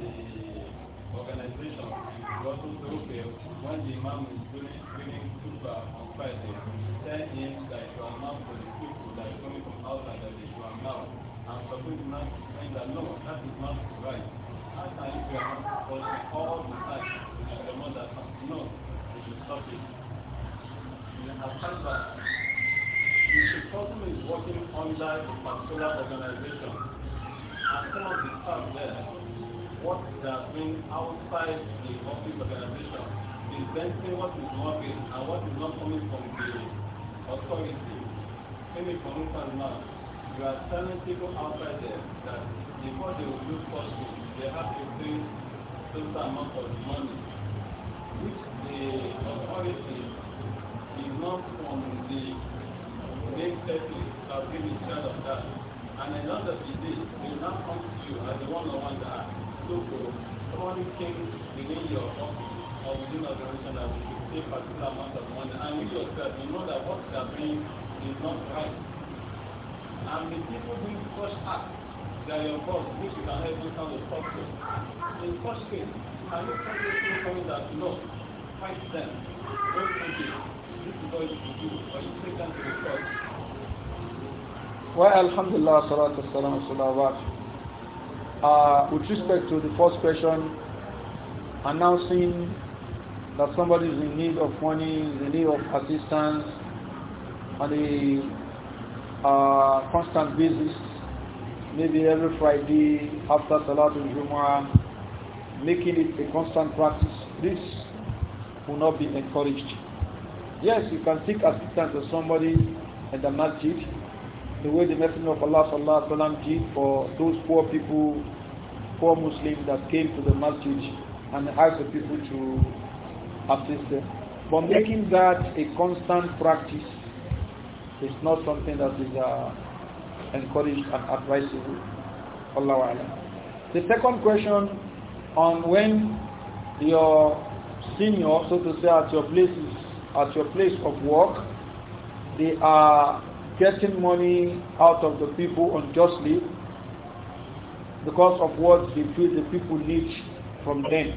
the organization also say, okay, when the imam is doing, doing super on Friday, tell him that you are now for the people that are coming from outside that you are now. And suppose you not find that no, that is not right. How can you be not all the time and the mother no, you should stop it. You have that if the person is working under a particular organization and some of the staff there what they are doing outside the office organization, presenting what is working and what is not coming from the authority. Any for instance now, you are telling people outside there that before they will do something, they have to pay certain amount of money, which the authority is not from the main setting to have been in charge of that. And another disease will not come to you as the one-on-one that so somebody came within your office or within organization that we should pay particular amount of money and you you know that what they are is not right and the people they are your boss which you can help you kind of talk to in case can you tell people coming that no fight them don't Well, alhamdulillah, salatu wassalam, salawat. Uh, with respect to the first question, announcing that somebody is in need of money, in need of assistance on a uh, constant basis, maybe every Friday after Salatul Jumu'ah, making it a constant practice, this will not be encouraged. Yes, you can seek assistance of somebody at the masjid, the way the Messenger of Allah sallallahu alaihi did for those poor people, poor Muslims that came to the masjid and asked the people to assist them. But making that a constant practice is not something that is uh, encouraged and advisable. Allah Alam. The second question on when your senior, so to say, at your places, at your place of work, they are getting money out of the people unjustly because of what they feel the people need from them.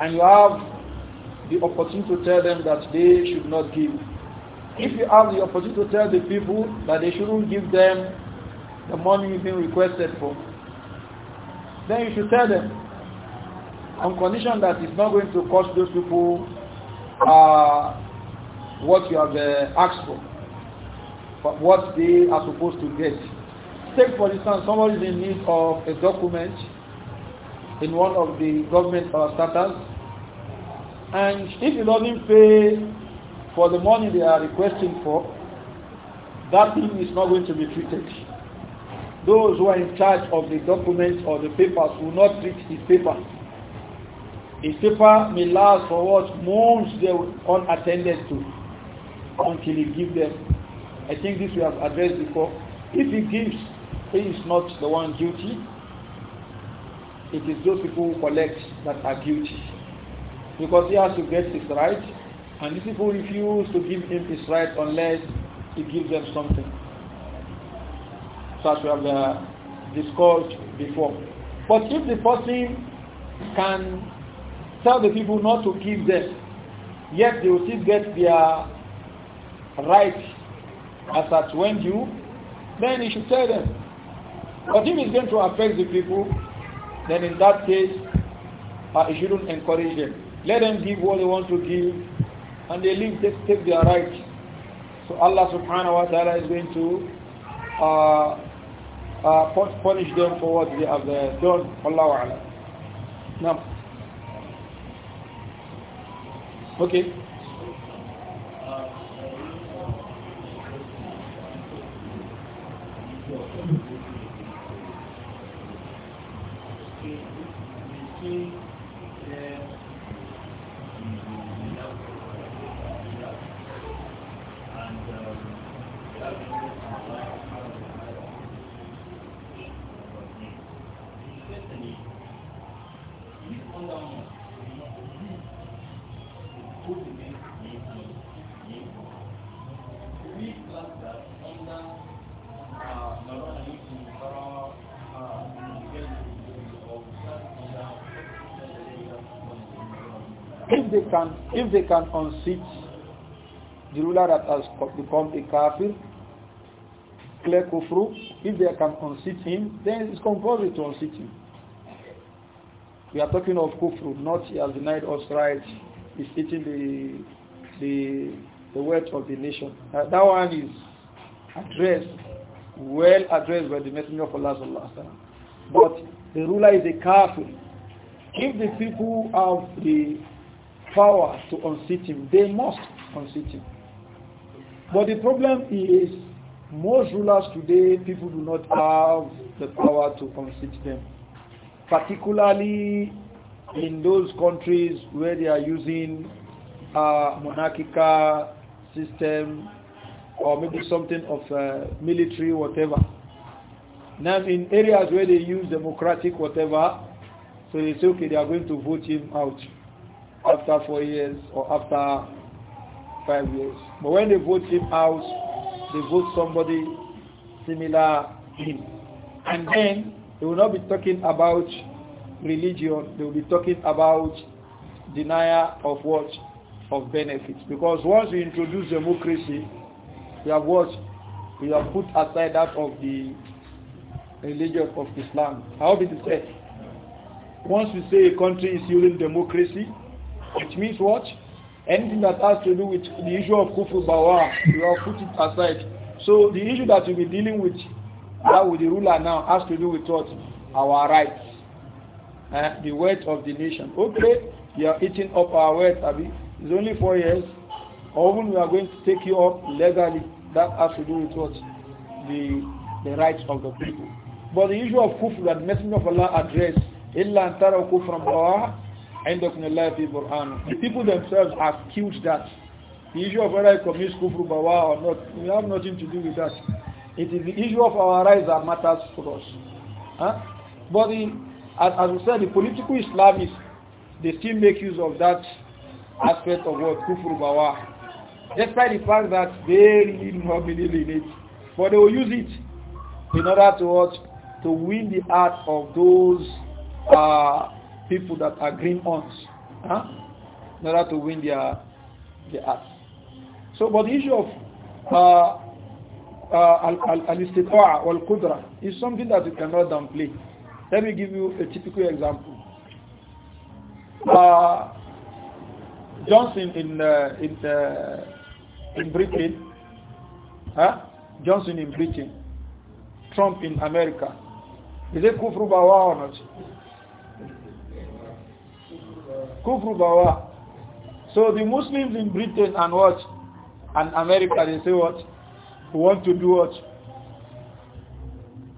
And you have the opportunity to tell them that they should not give. If you have the opportunity to tell the people that they shouldn't give them the money you've been requested for, then you should tell them on condition that it's not going to cost those people uh, what you have uh, asked for what they are supposed to get. Take for instance, somebody is in need of a document in one of the government or status and if he doesn't pay for the money they are requesting for, that thing is not going to be treated. Those who are in charge of the documents or the papers will not treat his paper. His paper may last for what months they were unattended to until he gives them I think this we have addressed before. If he gives, he is not the one guilty. It is those people who collect that are guilty. Because he has to get his right, and these people refuse to give him his right unless he gives them something. Such we have uh, discussed before. But if the person can tell the people not to give them, yet they will still get their right as at when you, then you should tell them. But if it's going to affect the people, then in that case, uh, shouldn't encourage them. Let them give what they want to give, and they leave, they take their rights. So Allah subhanahu wa ta'ala is going to uh, uh, punish them for what they have uh, done. Allah wa'ala. Now. Okay. if they can unseat the ruler that has become a kafir, clear kufru, if they can unseat him, then it's compulsory to unseat him. We are talking of kufru, not he has denied us right, he's eating the, the, the wealth of the nation. Uh, that one is addressed, well addressed by the Messenger of Allah. But the ruler is a kafir. If the people have the power to unseat him. They must unseat him. But the problem is most rulers today, people do not have the power to unseat them. Particularly in those countries where they are using a uh, monarchical system or maybe something of uh, military whatever. Now in areas where they use democratic whatever, so they say okay they are going to vote him out after four years or after five years. But when they vote him out, they vote somebody similar him. And then they will not be talking about religion, they will be talking about denial of what? Of benefits. Because once we introduce democracy, we have what? We have put aside that of the religion of Islam. How did it say? Once we say a country is using democracy, it means what? Anything that has to do with the issue of Kufu bawa, you are putting aside. So the issue that we'll be dealing with now with the ruler now has to do with what? Our rights. Uh, the wealth of the nation. Okay, you are eating up our wealth, Abi. It's only four years. Or even we are going to take you up legally. That has to do with what? The, the rights of the people. But the issue of Kufu, that Messenger of Allah addressed, إِلَّا Kufu from Bawa. عندكم الله في Quran. The people themselves have killed that. The issue of whether I commit kufru bawa or not, we have nothing to do with that. It is the issue of our rights that matters for us. Huh? But the, as, as we said, the political Islamists, they still make use of that aspect of what kufru bawa. Despite the fact that they really do not believe in it, but they will use it in order to, to win the heart of those uh, people that are green horns huh? in order to win their, their So, but the issue of uh, al-istita'a uh, al wal is something that you cannot downplay. Let me give you a typical example. Uh, Johnson in uh, in uh, in Britain, huh? Johnson in Britain, Trump in America. Is it kufru bawa or not? Kufru bawa. So the Muslims in Britain and what? And America, they say what? want to do what?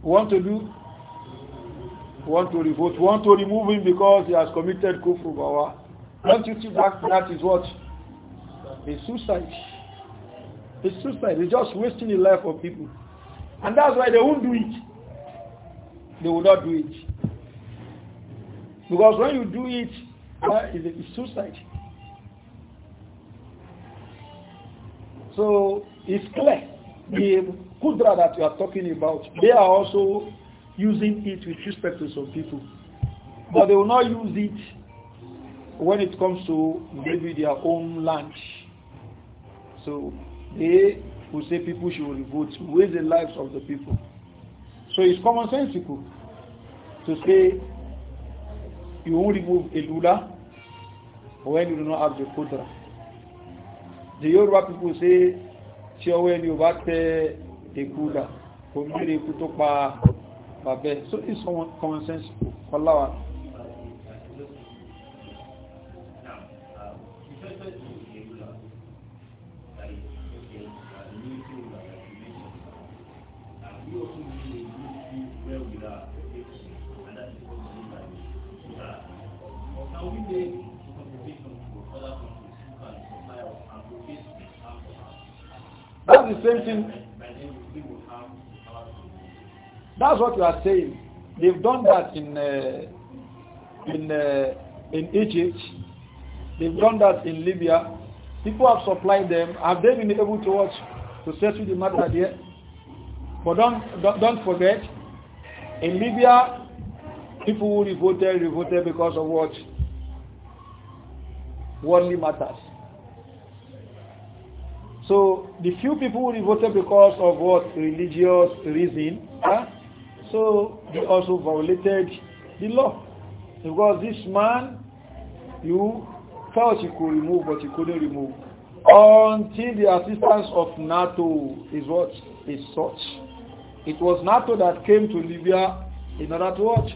want to do? want to revolt. want to remove him because he has committed kufru bawa. Don't you see that? That is what? It's suicide. It's suicide. It's just wasting the life of people. And that's why they won't do it. They will not do it. Because when you do it, that is a it's suicide? So it's clear. The kudra that you are talking about, they are also using it with respect to some people. But they will not use it when it comes to maybe their own land. So they will say people should revolt, waste the lives of the people. So it's commonsensical to say you only remove a lula when you do not have the qudra. The Yoruba people say, tí when you ò the tẹ For me, kò mú èrè ikú tó So it's common sense, ọláwà. That's the same thing. That's what you are saying. They've done that in uh, in uh, in Egypt. They've done that in Libya. People have supplied them. Have they been able to watch to settle the matter there? But don't, don't, don't forget, in Libya, people who revolted revolted because of what worldly matters. So the few people who voted because of what religious reason, huh? so they also violated the law. Because this man, you thought you could remove, but you couldn't remove. Until the assistance of NATO is what is such. It was NATO that came to Libya in order to watch,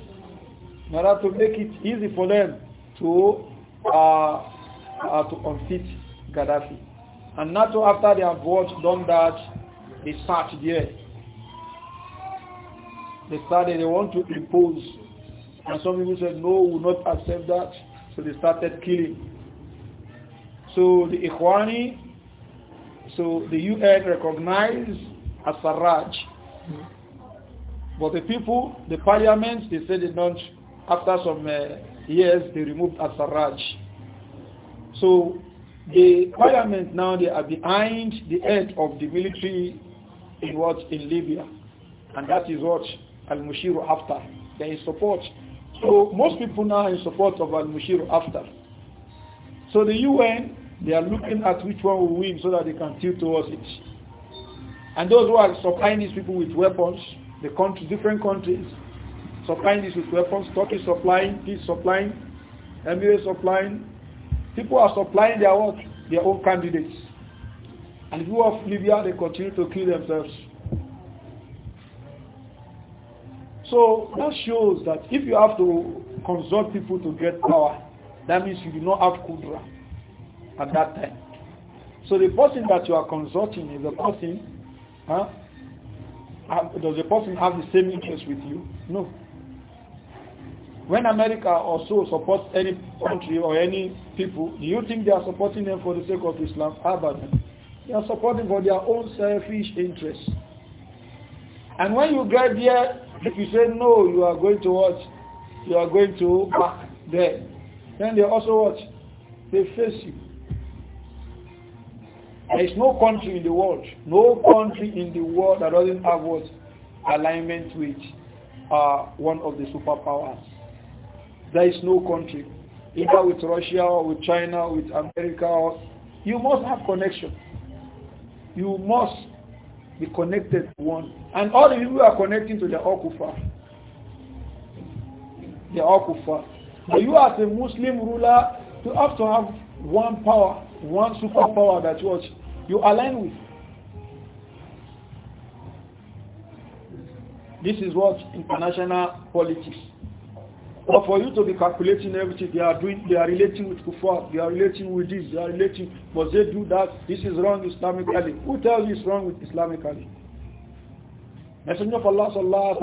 in order to make it easy for them to uh, uh, to unfit Gaddafi. And not after they have watched, done that, they started. there. They started, they want to impose. And some people said, no, we will not accept that. So they started killing. So the Ikhwani, so the UN recognized as But the people, the parliament, they said they don't, after some uh, years, they removed as So the parliament now, they are behind the head of the military in what? In Libya. And that is what Al-Mushir after. They support. So most people now are in support of Al-Mushir after. So the UN, they are looking at which one will win so that they can tilt towards it. And those who are supplying these people with weapons, the country, different countries, supplying these with weapons, Turkey supplying, is supplying, Emirates supplying, People are supplying their Their own candidates. And people of Libya, they continue to kill themselves. So that shows that if you have to consult people to get power, that means you do not have kudra at that time. So the person that you are consulting is a person, huh? Does the person have the same interest with you? No. When America also supports any country or any people, do you think they are supporting them for the sake of Islam? Abadan. They are supporting for their own selfish interests. And when you get there, if you say no, you are going to what? You are going to back there. Then they also what? They face you. There is no country in the world, no country in the world that doesn't have what alignment with uh, one of the superpowers. There is no country, either with Russia or with China or with America. Or, you must have connection. You must be connected to one. And all the people are connecting to the Okufa. The Okufa. So you as a Muslim ruler, you have to have one power, one superpower that you align with. This is what international politics but for you to be calculating everything, they are doing, they are relating with kufar, they are relating with this, they are relating, But they do that? This is wrong Islamically. Who tells you it's wrong with Islamically? Messenger of Allah sallallahu alaihi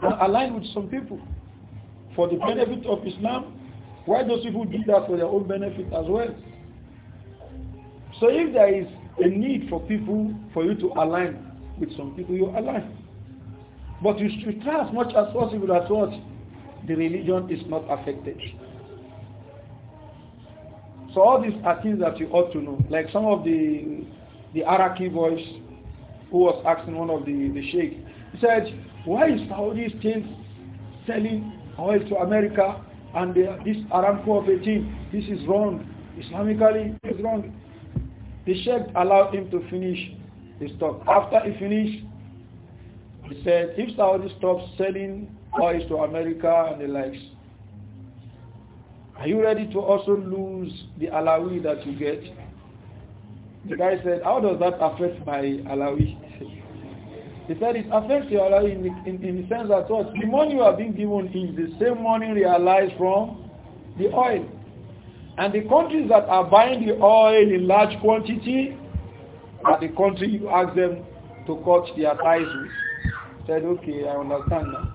wasallam aligned with some people for the benefit of Islam. Why those people do that for their own benefit as well? So if there is a need for people, for you to align with some people, you align. But you should try as much as possible as what the religion is not affected. So all these are things that you ought to know. Like some of the the Araki voice who was asking one of the, the sheikh, he said, why is Saudi still selling oil to America and the, this Aramco of 18, this is wrong. Islamically, it's wrong. The sheikh allowed him to finish his talk. After he finished, he said, if Saudi stops selling oil to America and the likes. Are you ready to also lose the alawi that you get? The guy said, how does that affect my alawi? He said it affects your alawi in the, in, in the sense that what? The money you are being given is the same money realized from the oil. And the countries that are buying the oil in large quantity are the country you ask them to cut their ties with. Said, okay, I understand now.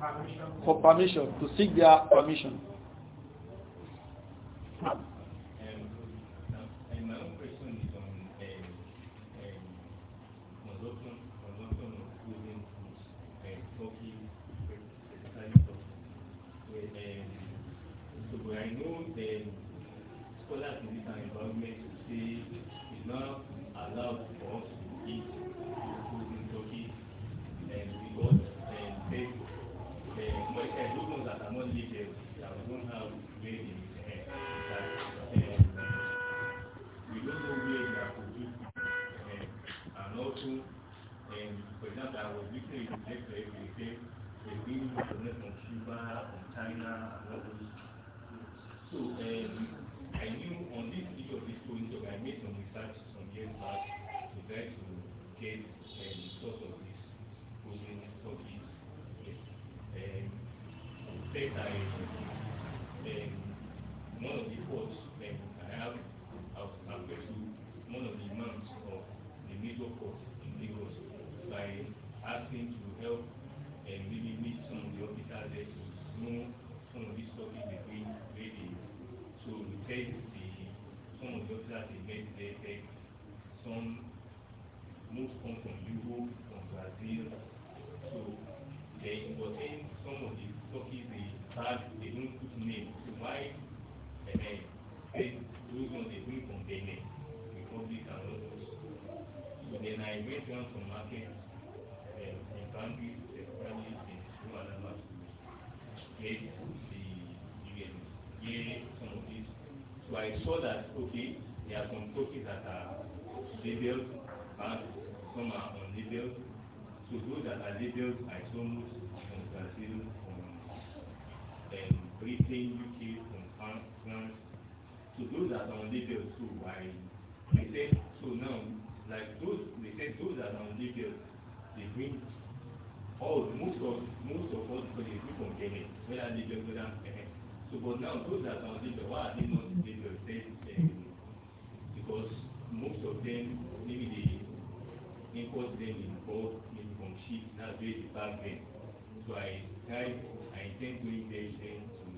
permission. for permission, to seek their permission. gefe gefe da being connected from Cuba, from China, and all those. So um, I knew on this issue of this point, I made some research some years back to try to get um, source of this problem for this. Yes. Um, I some most come from Europe, from Brazil. So they were some of the Turkish they have they don't put name. So why uh, they those ones they bring from Benin, Republic and all those. So then I went down to market uh, eh, in Bambi, especially in Sumanama to get the UN, get some of these. So I saw that okay, there are some cookies that are labels bags some are unlabeled so those that are labeled isomos from Brazil from um, Britain UK from France France so those that are unlabeled too why they say so now like those they say those that are unlabeled they bring all most of most of all for the group of gaming whether they get whether eh, eh so but now those that are on why are they not in the same because most of them, maybe they import them in bulk, maybe from ships, that's where they pack them. So I tried, I intend doing this then to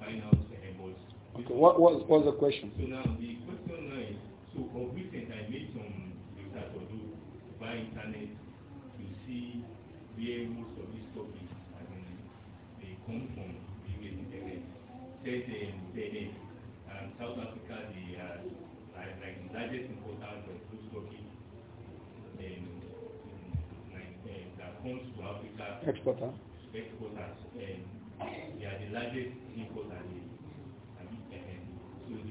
find out eh, the boss. Okay, what was what's the question? So now the question now is, so of recent I made some research or do by internet to see where most of these topics I mean, they come from the US internet. Say um, Benin, um, South Africa, they are uh, like, mm, like uh, um, the largest importers of food stocking in, like, uh, that comes to Africa. Exporter. Exporters. And they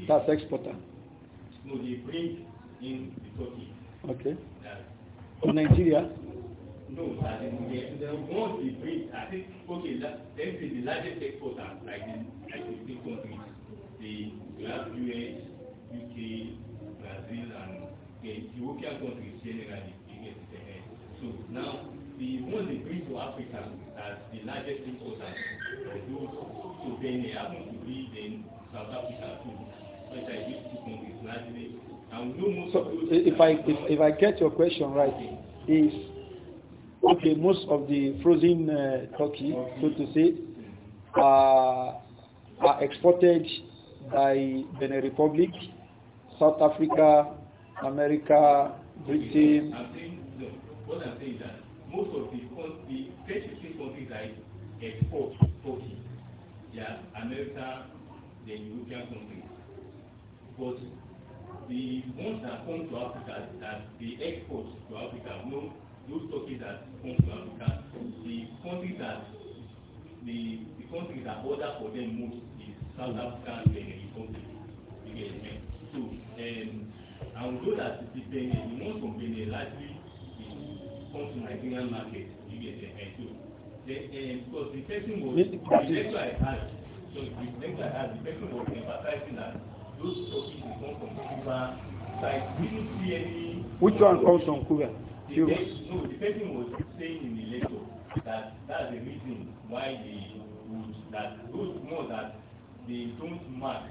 That's exporter. No, they bring in Turkey. Okay. From Nigeria? No, I think the ones they bring, I think, okay, the largest exporter, like the, like the big countries. They, you have US, UK, Brazil, and the European countries generally So now, the they bring to Africa as the largest importers of those happen to be South Africa too. so if I if, if I get your question right, is okay most of the frozen uh, turkey, so to say, uh, are exported by Benin Republic South Africa, America, Britain. I'm saying, no, what I'm saying is that most of the, the 33 countries I export Turkey, yeah, America, the European countries. But the ones that come to Africa, that the exports to Africa, no, those countries that come to Africa, the countries that the, the countries that order for them most is South Africa and the countries. You get so, um, the come to market. You get the So, um, because the person was, the lecture I had, so the lecture I had, the person was emphasizing that those topics will come from Cuba. Like, didn't see any. Which one comes from Cuba? The, no, the person was saying in the lecture that that's the reason why they would, that those more that they don't mark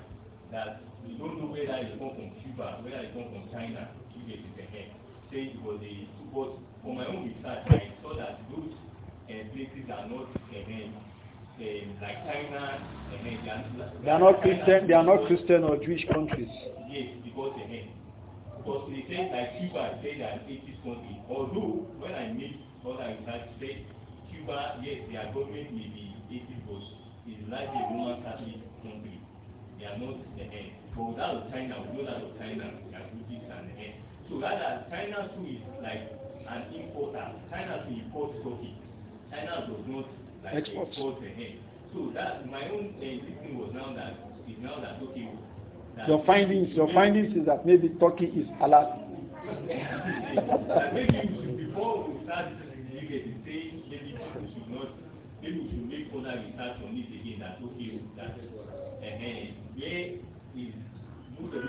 that we don't know whether it come from Cuba, whether it come from China, two days is ahead. Say it was a, but for my own research, I saw that those uh, places are not ahead. Uh, like China, uh, they are, they are not China, Christian. They are not Christian or Jewish countries. Yes, because uh, because they say like Cuba, they are atheist country. Although when I meet other research, say Cuba, yes, their government may be atheist, but is like a Roman Catholic country they are not the head. But without China, we of China, they are British and the head. So rather, China too is like an importer. China too import coffee. China does not like Exports. export the head. So that my own uh, reason was now that is now that okay. your findings, your findings is that maybe Turkey is halal. maybe we should, before we start litigating, say maybe we should not, maybe we should make further research on this again. That okay, that uh, where is most of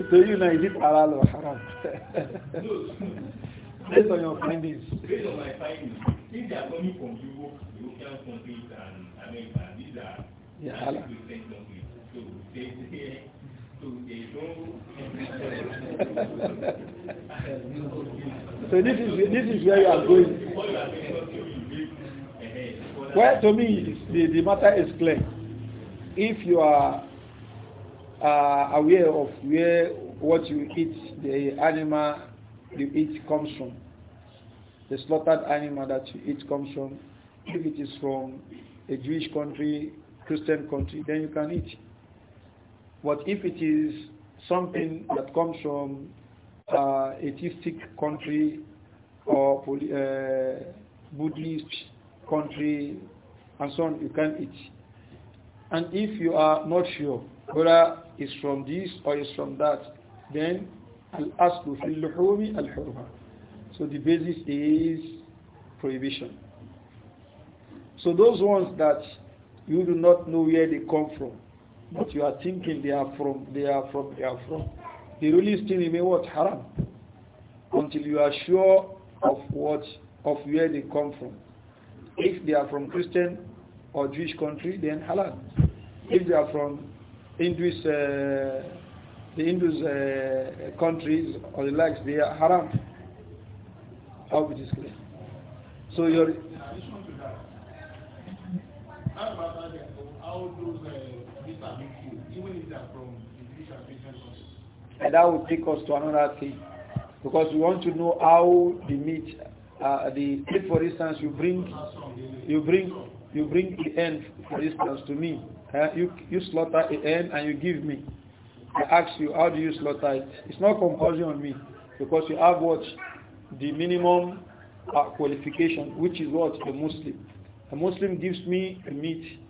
this so haram? Based on your findings. Based on my findings, things that are coming from Europe, European countries and America, these are yeah, halal. countries. So they, so they don't. so this is this is where you are going. Well, to me, the, the matter is clear. if you are uh, aware of where what you eat, the animal you eat comes from, the slaughtered animal that you eat comes from, if it is from a Jewish country, Christian country, then you can eat. But if it is something that comes from uh, atheistic country or uh, Buddhist country and so on, you can eat. And if you are not sure whether it's from this or it's from that, then al-aslu fil luhumi al-hurma. So the basis is prohibition. So those ones that you do not know where they come from, but you are thinking they are from, they are from, they are from, they really still remain what haram until you are sure of what, of where they come from. If they are from Christian or Jewish country, then halal if they are from Hindus, uh, the Hindus uh, countries or the likes, they are haram. How it is clear. So your. And that will take us to another thing, because we want to know how the meat, uh, the if for instance you bring, you bring, you bring the end for instance to me, uh, you, you slaughter a hen and you give me. I ask you, how do you slaughter it? It's not compulsion on me because you have what? The minimum uh, qualification, which is what? the Muslim. A Muslim gives me a meat.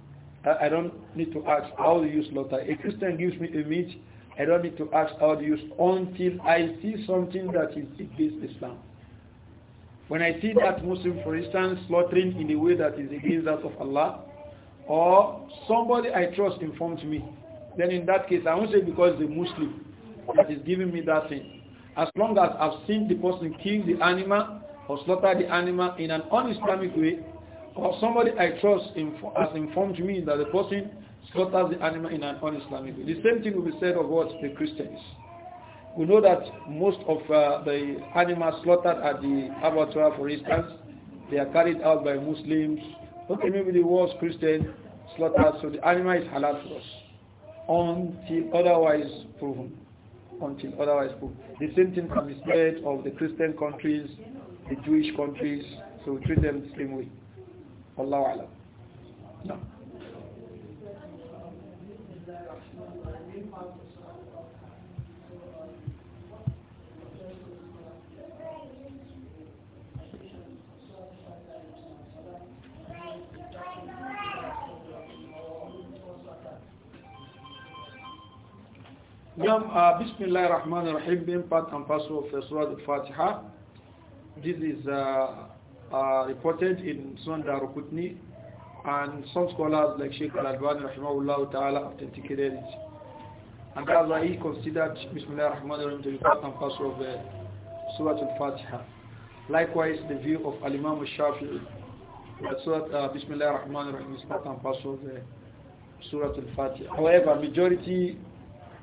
I, I don't need to ask, how do you slaughter? A Christian gives me a meat. I don't need to ask how to use until I see something that is against Islam. When I see that Muslim, for instance, slaughtering in a way that is against that of Allah, or somebody I trust informed me, then in that case, I won't say because the Muslim that is giving me that thing. As long as I've seen the person kill the animal or slaughter the animal in an un-Islamic way, or somebody I trust has informed me that the person slaughters the animal in an un-Islamic way. The same thing will be said of what the Christians. We know that most of uh, the animals slaughtered at the abattoir, for instance, they are carried out by Muslims okay, maybe the worst Christian slaughtered, so the animal is halal for us until otherwise proven. Until otherwise proven. The same thing can be said of the Christian countries, the Jewish countries, so treat them the same way. Allahu Alam. No. Now, uh, Bismillah ar-Rahman ar-Rahim being part and parcel of uh, Surah Al-Fatiha. This is uh, uh, reported in Sunan Darukutni and some scholars like Sheikh Al-Albani rahimahullah ta'ala authenticated it. And that's why he considered Bismillah ar-Rahman ar-Rahim to be part and parcel of uh, Surah Al-Fatiha. Likewise, the view of Al-Imam al-Shafi'i that Surah uh, Bismillah ar-Rahman ar-Rahim is part and parcel of uh, Surah Al-Fatiha. However, majority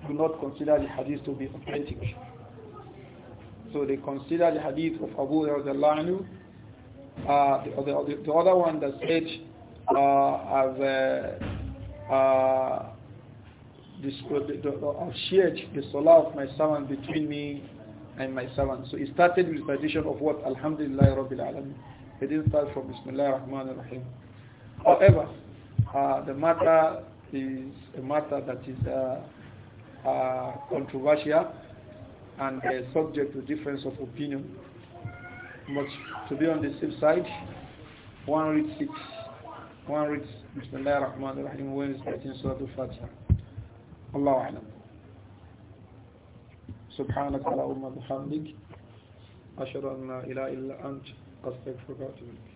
do not consider the hadith to be authentic. So they consider the hadith of Abu Hurairah uh, the, the, the other one that said uh, I've, uh, uh, this, shared the salah of my servant between me and my servant. So it started with the recitation of what? Alhamdulillah Rabbil Alamin. It didn't start from Bismillah Rahman Rahim. However, uh, the matter is a matter that is uh, uh, controversial and uh, subject to difference of opinion. But to be on the safe side, one reads it. One reads Bismillah ar-Rahman ar-Rahim when reciting Surah Al-Fatiha. Allahu A'lam. سبحانك اللهم وبحمدك أشهد أن لا إله إلا أنت أستغفرك وأتوب